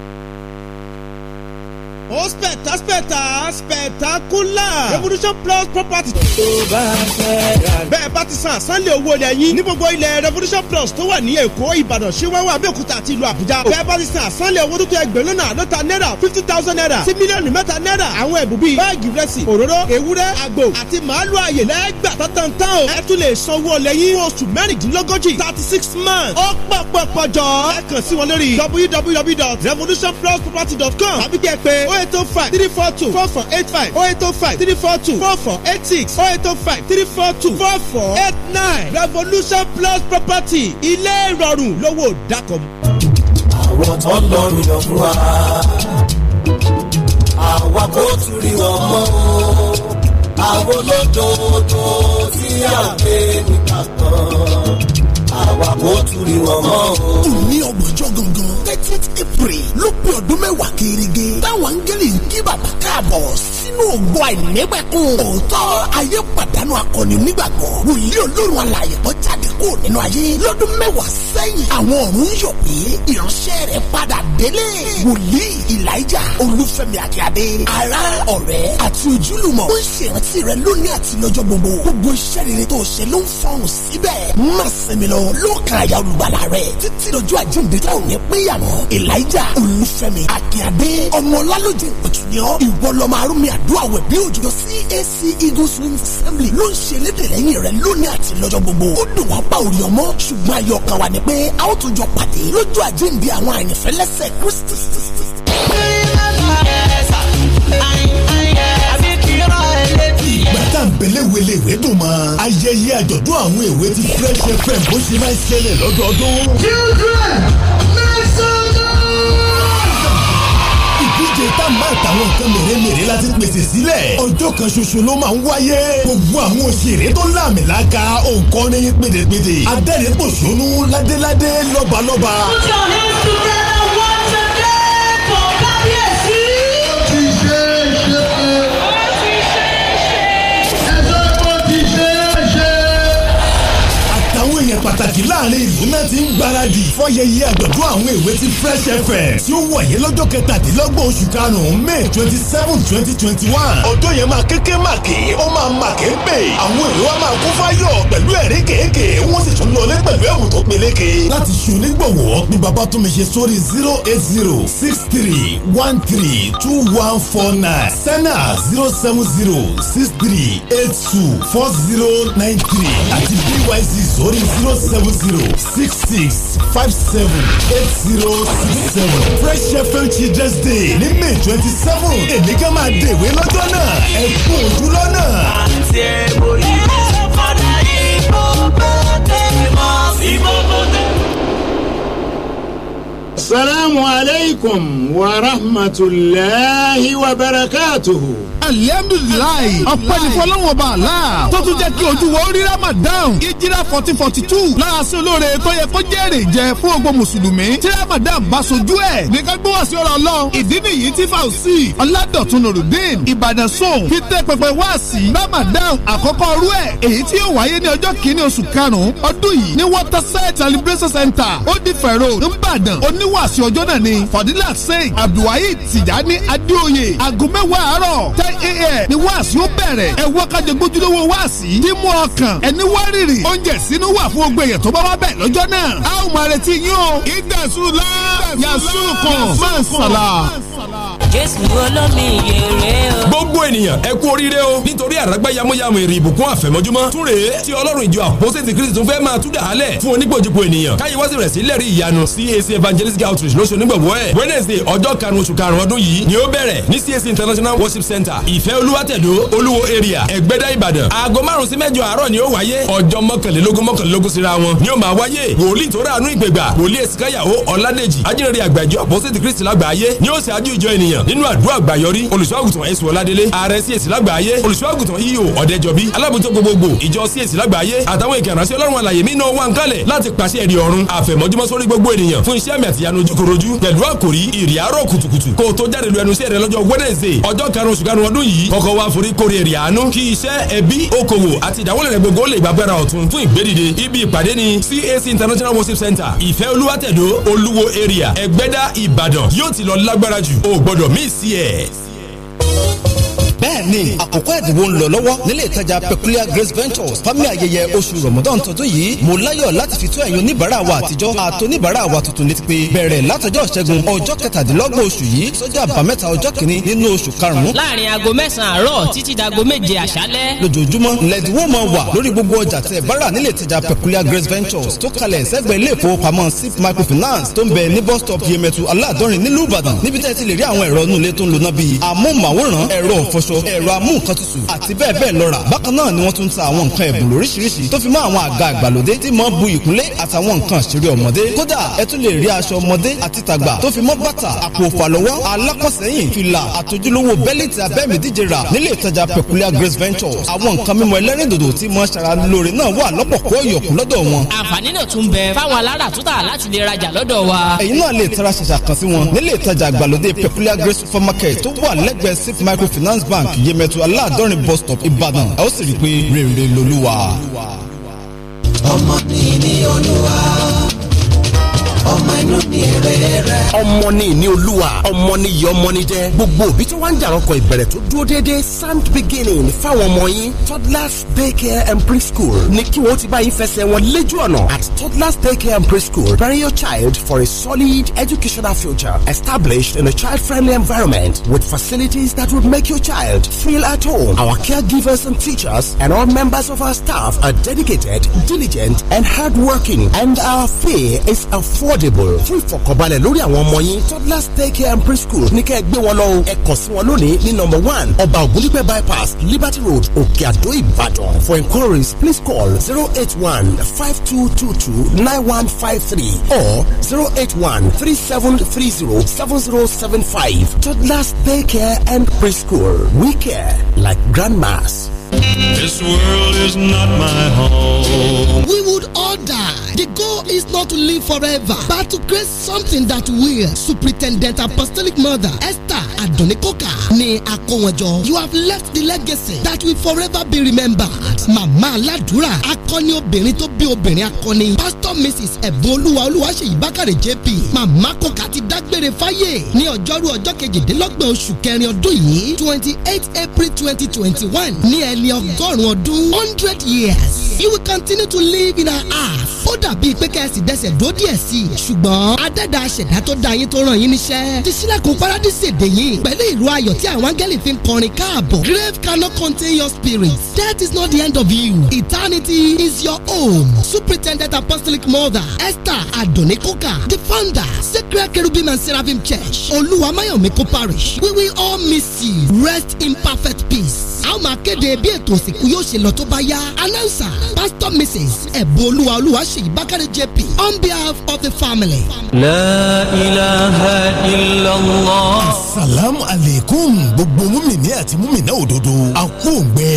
ó spẹ̀tà spẹ̀tà spectacular revolution plus property. tó bá fẹ́ ra. bẹ́ẹ̀ bá ti san àsánlé owó ilẹ̀ yín ní gbogbo ilẹ̀ revolution plus tó wà ní èkó ìbàdàn ṣíwáwá abẹ́òkúta àti ìlú àbújá. bẹ́ẹ̀ bá ti san àsánlé owó tó tó ẹgbẹ̀rún lọ́nà àádọ́ta náírà fifty thousand naira sí mílíọ̀nù mẹ́ta náírà. àwọn ẹ̀bùn bíi báàgì rẹsì òróró ewúrẹ́ àgbò àti màálù ààyè lẹ́gbà tọ́tàntàn o. ẹ tún lè sanwó ilẹ̀ yín fún oṣù mẹ́rìndínlógójì thirty six months. ó pọ̀ pọ̀ pọ̀ jọ. ẹ kàn sí wọn lórí www.revolutionplusproperty.com tàbí kẹ́ ẹ pé Oh eight oh five three four two four four eight five oh eight oh five three four two four four eight six oh eight oh five three four two four four eight nine revolution plus property ilé ìrọ̀rùn lówó dákọ̀. àwọn tó ń lọrùn yàn fún wa àwa kò tún rí wọn mọ́ o àwọn olódodo tí a gbé nígbà kan àwa kò turi wọn mọ́ o. òní ọgbọ̀njọ́ gangan thirtieth april ló pé ọdún mẹ́wàá kéréje táwọn angẹ́lì ń kí bàbá káàbọ̀ sínú ògbó àìnípẹ̀kun òótọ́ ayé pàdánù akọni onígbàgbọ́ wòlíì olórun alààyè tó jáde kó nínú ayé lọ́dún mẹ́wàá sẹ́yìn àwọn ọ̀run yọ̀ pé ìránṣẹ́ rẹ̀ padà délé wòlíì ìlàjà olúfẹ́mi akíade ará ọ̀rẹ́ àti ojúlùmọ̀ ó ń ṣèrántí rẹ̀ lónìí àti lọ́jọ́ gbogbo gbogbo iṣẹ́ rere tó ṣe ló ń fọhùn síbẹ̀ má ọlọ́run ló kan àyà olùgbàlà rẹ̀ títí dojú àjíǹde tá ò ní pé yàmọ́ èlíjà olùfẹ́mi akínyàdé ọmọlálójì òtúnyọ́ ìwọlọmọ arúmi àdúrà wẹ̀ bí òjòjò cac eagles wings assembly ló ń ṣe lédè lẹ́yìn rẹ̀ lónìí àti lọ́jọ́ gbogbo ó dùn wá pa òrì ọmọ ṣùgbọ́n ayọ̀ kan wà ní pé a ó tún jọ pàdé lójú àjíǹde àwọn àyànfẹ́ lẹ́sẹ̀ kristi ìgbà tá à ń bẹ̀lẹ̀ wele ìwé dùn mọ́ ayẹyẹ àjọ̀dún àwọn èwe ti Fresh FM bó ṣe máa ń ṣẹlẹ̀ lọ́dọọdún. children make some ìdíje tá máa tàwọn nǹkan mèremère láti pèsè sílẹ̀. ọjọ́ kan ṣoṣo ló máa ń wáyé. gbogbo àwọn òṣèré tó láàmìlàaka òǹkọ́ni pédèpédè. adẹ́rìn-pòṣónú ládéládé lọ́balọ́ba. put your hands together. pàtàkì láàrin ìlú náà ti ń gbáradì fọyẹyẹ àgbẹ̀dún àwọn èwe ti fresh fm tí ó wọ̀nyẹ́ lọ́jọ́ kẹtàdínlọ́gbọ̀n oṣù karùn-ún may twenty seven twenty twenty one ọjọ́ yẹn máa kéké màkì ó máa màkì ń pè àwọn èrò wa máa kún fáyọ̀ pẹ̀lú ẹ̀rí kéèké wọ́n sì tún lọlé pẹ̀lú ẹ̀wù tó peléke. láti ṣe onígbọ̀wọ́ ni bàbá tó mi ṣe sórí zero eight zero six three one three two one four nine sena zero seven zero six three eight two four zero nine three àti byz sórí zero six seven zero six six five seven eight zero six seven fresh fm children's day ní may twenty seven èmi kan máa dèwé lọ́jọ́ náà ẹ kú ojú lọ́nà. àǹtí ẹ̀ bò yí ìbò bọ́tẹ̀ mọ́ sí bọ́tẹ̀. Salaamu alaikum wa rahmatulahi wa barakatuhu alihamdulilayi ọpẹ́ ní fọlọ́wọ́n ọba àlá tó tún jẹ́ kí ojú wo rí ramadan ìjírá fourteen forty two láàásì olóore tó yẹ kó jẹ́rè jẹ fún gbogbo mùsùlùmí tí ramadan bá sojú ẹ̀ nìkan gbówó sí ọ̀rọ̀ ọlọ́run ìdí nìyí tí fauci ọ̀làdọ̀tun nurudeen ìbàdàn sùn fi tẹ́ pẹpẹ wá sí ramadan àkọ́kọ́ rú ẹ̀ èyí tí yóò wáyé ní ọjọ́ kìíní oṣù karùn-ún ọdún yìí ní waterside celebration center odifẹ̀ road nìbàdàn oníwàásù ọjọ́ náà ni fadilat sèk abdulwahid tijani adéoyè aago àárọ̀ ten nine a.m. ni wáàsí ó bẹ̀rẹ̀ ẹ wọ kájọ gbójúlówó wáàsí tí mú ọkàn ẹni wárìrì oúnjẹ sínú wà fún gbogbo èèyàn tó bá wá bẹ̀ lọ́jọ́ náà a ó máa retí yín o. ìgbà sùn lá yasùn kan máa sàlà jésù olómi ìyèrè o. gbogbo ènìyàn ẹ kú oríire o nítorí àràgbá yamuyamu èrè ìbùkún àfẹ̀mọ́júmọ́ túnre tí ọlọ́run ìjọ àpọ́sẹ̀tì kristi tún fẹ́ máa tú dàálẹ̀ fún onígbòjìpọ̀ ènìyàn káyé wá sí rẹ̀ sí lẹ́rìí ìyanu CAC evangelistic outreach lóṣù nígbàgbọ́ ẹ̀ wednesday ọjọ́ karùn-ún oṣù karùn-ún ọdún yìí ni ó bẹ̀rẹ̀ ní CAC international worship center ìfẹ́ olúwàtẹ̀dọ́ olúwo area ẹ̀gbẹ́dá ìbàdàn aago márùn-ún sí mẹ́jọ àárọ̀ ni ó wáyé ọjọ́ mọ́kànlélógún mọ́kànlélógún síra wọn ni ó máa wáyé wòlíì tó ráàánú ìpègbà wòlíì èsìkáyàwó ọ̀làdèjì ajínrere àgbàjọ àpọ́sẹ̀tì kristi lágbàáyé ni ó ṣáájú ìjọ ènìyàn nínú àdúrà àgbàyọrí olùṣọ́àgùtàn ẹ̀sùn ọ̀ládélé ààrẹ CAC lágbàáyé olùṣọ́àgùtàn iyo e ọ̀dẹ́jọbí alábòójútó gbogbogbò ìjọ CAC lágbàáyé àtàwọn ìkànnì àti ọlọ́run àlàyé mi náà wà ń kalẹ̀ láti pàṣẹ ẹ̀rí ọ̀run àfẹ̀mọ́júmọ́ sórí gbogbo ènìyàn fún iṣẹ́ àmì àtìyanu ojúkorojú pẹ̀lú àkòrí ìrì àárọ̀ kùtùkùtù kó o tó jáde lu ẹnu iṣẹ́ rẹ lọ́jọ́ Wednesday ọjọ́ karùn-ún oṣù karùn-ún ọdún yìí kọ́kọ́ wá forí kórè èrè àánú kí iṣẹ́ ẹbí okòwò International Worship Center ìfẹ́ olúwàtẹ̀dọ́ olúwo area ẹgbẹ́dá Ìbàdàn yóò ti lọ lágbára jù o Messier. bẹ́ẹ̀ni àkókò ẹ̀dínwó ń lọ lọ́wọ́ nílé ìtajà peculiar grace ventures fámì ayẹyẹ oṣù ramadan tọdún yìí mo láyọ̀ láti fi tó ẹ̀yin oníbàárà wa àtijọ́ àtòníbàárà wa tuntun létí pé bẹ̀rẹ̀ látọjọ́ ṣẹ́gun ọjọ́ kẹtàdínlọ́gbọ̀n oṣù yìí sọ́jà àbámẹ́ta ọjọ́ kìíní nínú oṣù karùn-ún. láàrin aago mẹ́sàn-án àárọ̀ títí dago méje àṣálẹ́. lójoojúmọ́ lẹ́dínwó máa wà lórí gbogbo ọjà tẹ́ bára nílé ìtajà peculiar grace ventures tó kalẹ̀ sẹ́gbẹ̀ẹ́ ilé ìfowópamọ́ sip microfinance tó ń bẹ ní bus stop yemẹtu aládọ́rin nílùú ìbàdàn níbi tẹ́ ti lè rí àwọn ẹ̀rọ inú ilé tó ń lona bíi amóhùnmáwòrán ẹ̀rọ ìfọṣọ aṣọ ẹ̀rọ amúǹkantutù àti bẹ́ẹ̀ bẹ́ẹ̀ lọ rà bákan náà ni wọ́n tún ń ta àwọn nǹkan ẹ̀bùn lóríṣiríṣi tó fi mọ́ àwọn àga ìgbàlódé tí mọ́ bu ìkúnlé àtàwọn nǹkan àṣírí ọmọdé kódà ẹ tún lè rí aṣọ ọmọdé àti tàgbà tó fi mọ́ bàtà àpò òfàlọ́wọ́ alákọ̀sẹ́yìn fìlà àtojúlówó bẹ́líìtì abẹ́mìdíje rà grace ventures àwọn nǹkan mímọ ẹlẹ́rìndòdò tí mọ́ ṣara lóore náà wà lọ́pọ̀ kó ọ̀yọ̀kú lọ́dọ̀ wọn. àǹfààní náà tún bẹ fáwọn alára tútà láti lè wa. ẹ̀yin náà lè tara ṣàṣà kan sí wọn nílé ìtajà grace supermarket tó wà lẹ́gbẹ̀ẹ́ microfinance bank bank yemẹtu aláàdọ́rin bus stop ìbàdàn ẹ ó sì rí i pé rere lolúwa. ọmọ mi ni olúwa ọmọ inú mi rere. ọmọ ni ìní olúwa ọmọ ni ìyá ọmọ ni jẹ gbogbo òbí tí wọ́n ń jàrọ̀kọ ìbẹ̀rẹ̀ tó dúró déédéé sand beginning fáwọn ọmọ yín toddlers daycare and preschool ní kí wọ́n ti bá yín fẹsẹ̀ wọn lójú ọ̀nà at toddlers daycare and preschool bury your child for a solid educational future established in a child-friendly environment with facilities that would make your child feel at home. Our caregivers and teachers and all members of our staff are dedicated, diligent, and hardworking, and our fee is affordable affordable fún ìfọ̀kànbalẹ̀ lórí àwọn ọmọ yín toddlers take care and preschool ní kẹ́ ẹ gbé wọn lọ o ẹ kàn sí wọn lónìí ní number one ọba ògúnlípẹ̀ bypass liberty road òkè àdó ìbàdàn for inquiries please call zero eight one five two two two nine one five three or zero eight one three seven three zero seven zero seven five toddlers take care and preschool we care like grandmas. This world is not my home. We would all die. The goal is not to live forever, but to create something that will. Superintendent Apostolic Mother Esther Adonikoka Ne Akọ̀wọ̀jọ. You have left the legacy that will forever be remembered. Mama Ladura. Akoni obìnrin tó bí obìnrin akọni. Pastor Mrs. Ẹ̀bùn Olúwa Olúwaṣeyì JP. Mama koka ti dágbére fáyé ní ọjọ́rú ọjọ́ kejìdínlọ́gbọ̀n oṣù kẹrin ọdún yìí twenty eight April twenty twenty one ní ẹni ẹni ọgọ́rùn-ún ọdún hundred years you will continue to live in our house. ó dàbí pé kẹ́sì dẹ́sẹ̀ dó díẹ̀ sí i ṣùgbọ́n adẹ́dà aṣẹ̀dá tó dá yín tó ràn yín níṣẹ́ ti sílẹ̀kùn paradíṣì èdè yìí pẹ̀lú ìró ayọ̀ tí àwọn áńgẹ́lì fi ń kọrin káàbọ̀ grave cannot contain your spirit death is not the end of you eternity is your home superintendent apostolic mother Esther adonikuka the founder sacred Kerubim and seraphim church olúwa mayomi parish we will all miss you rest in perfect peace. a ó máa kéde bí ètò òsìnkú yóò ṣe lọ tó bá yá announcer pastor mrs ẹ̀bùn olúwa olúwa ṣèyí bákàrẹ̀ jp on behalf of the family. la ilaha illallah. asalaamualeykum gbogbo mumini àti mumina òdodo a kò ń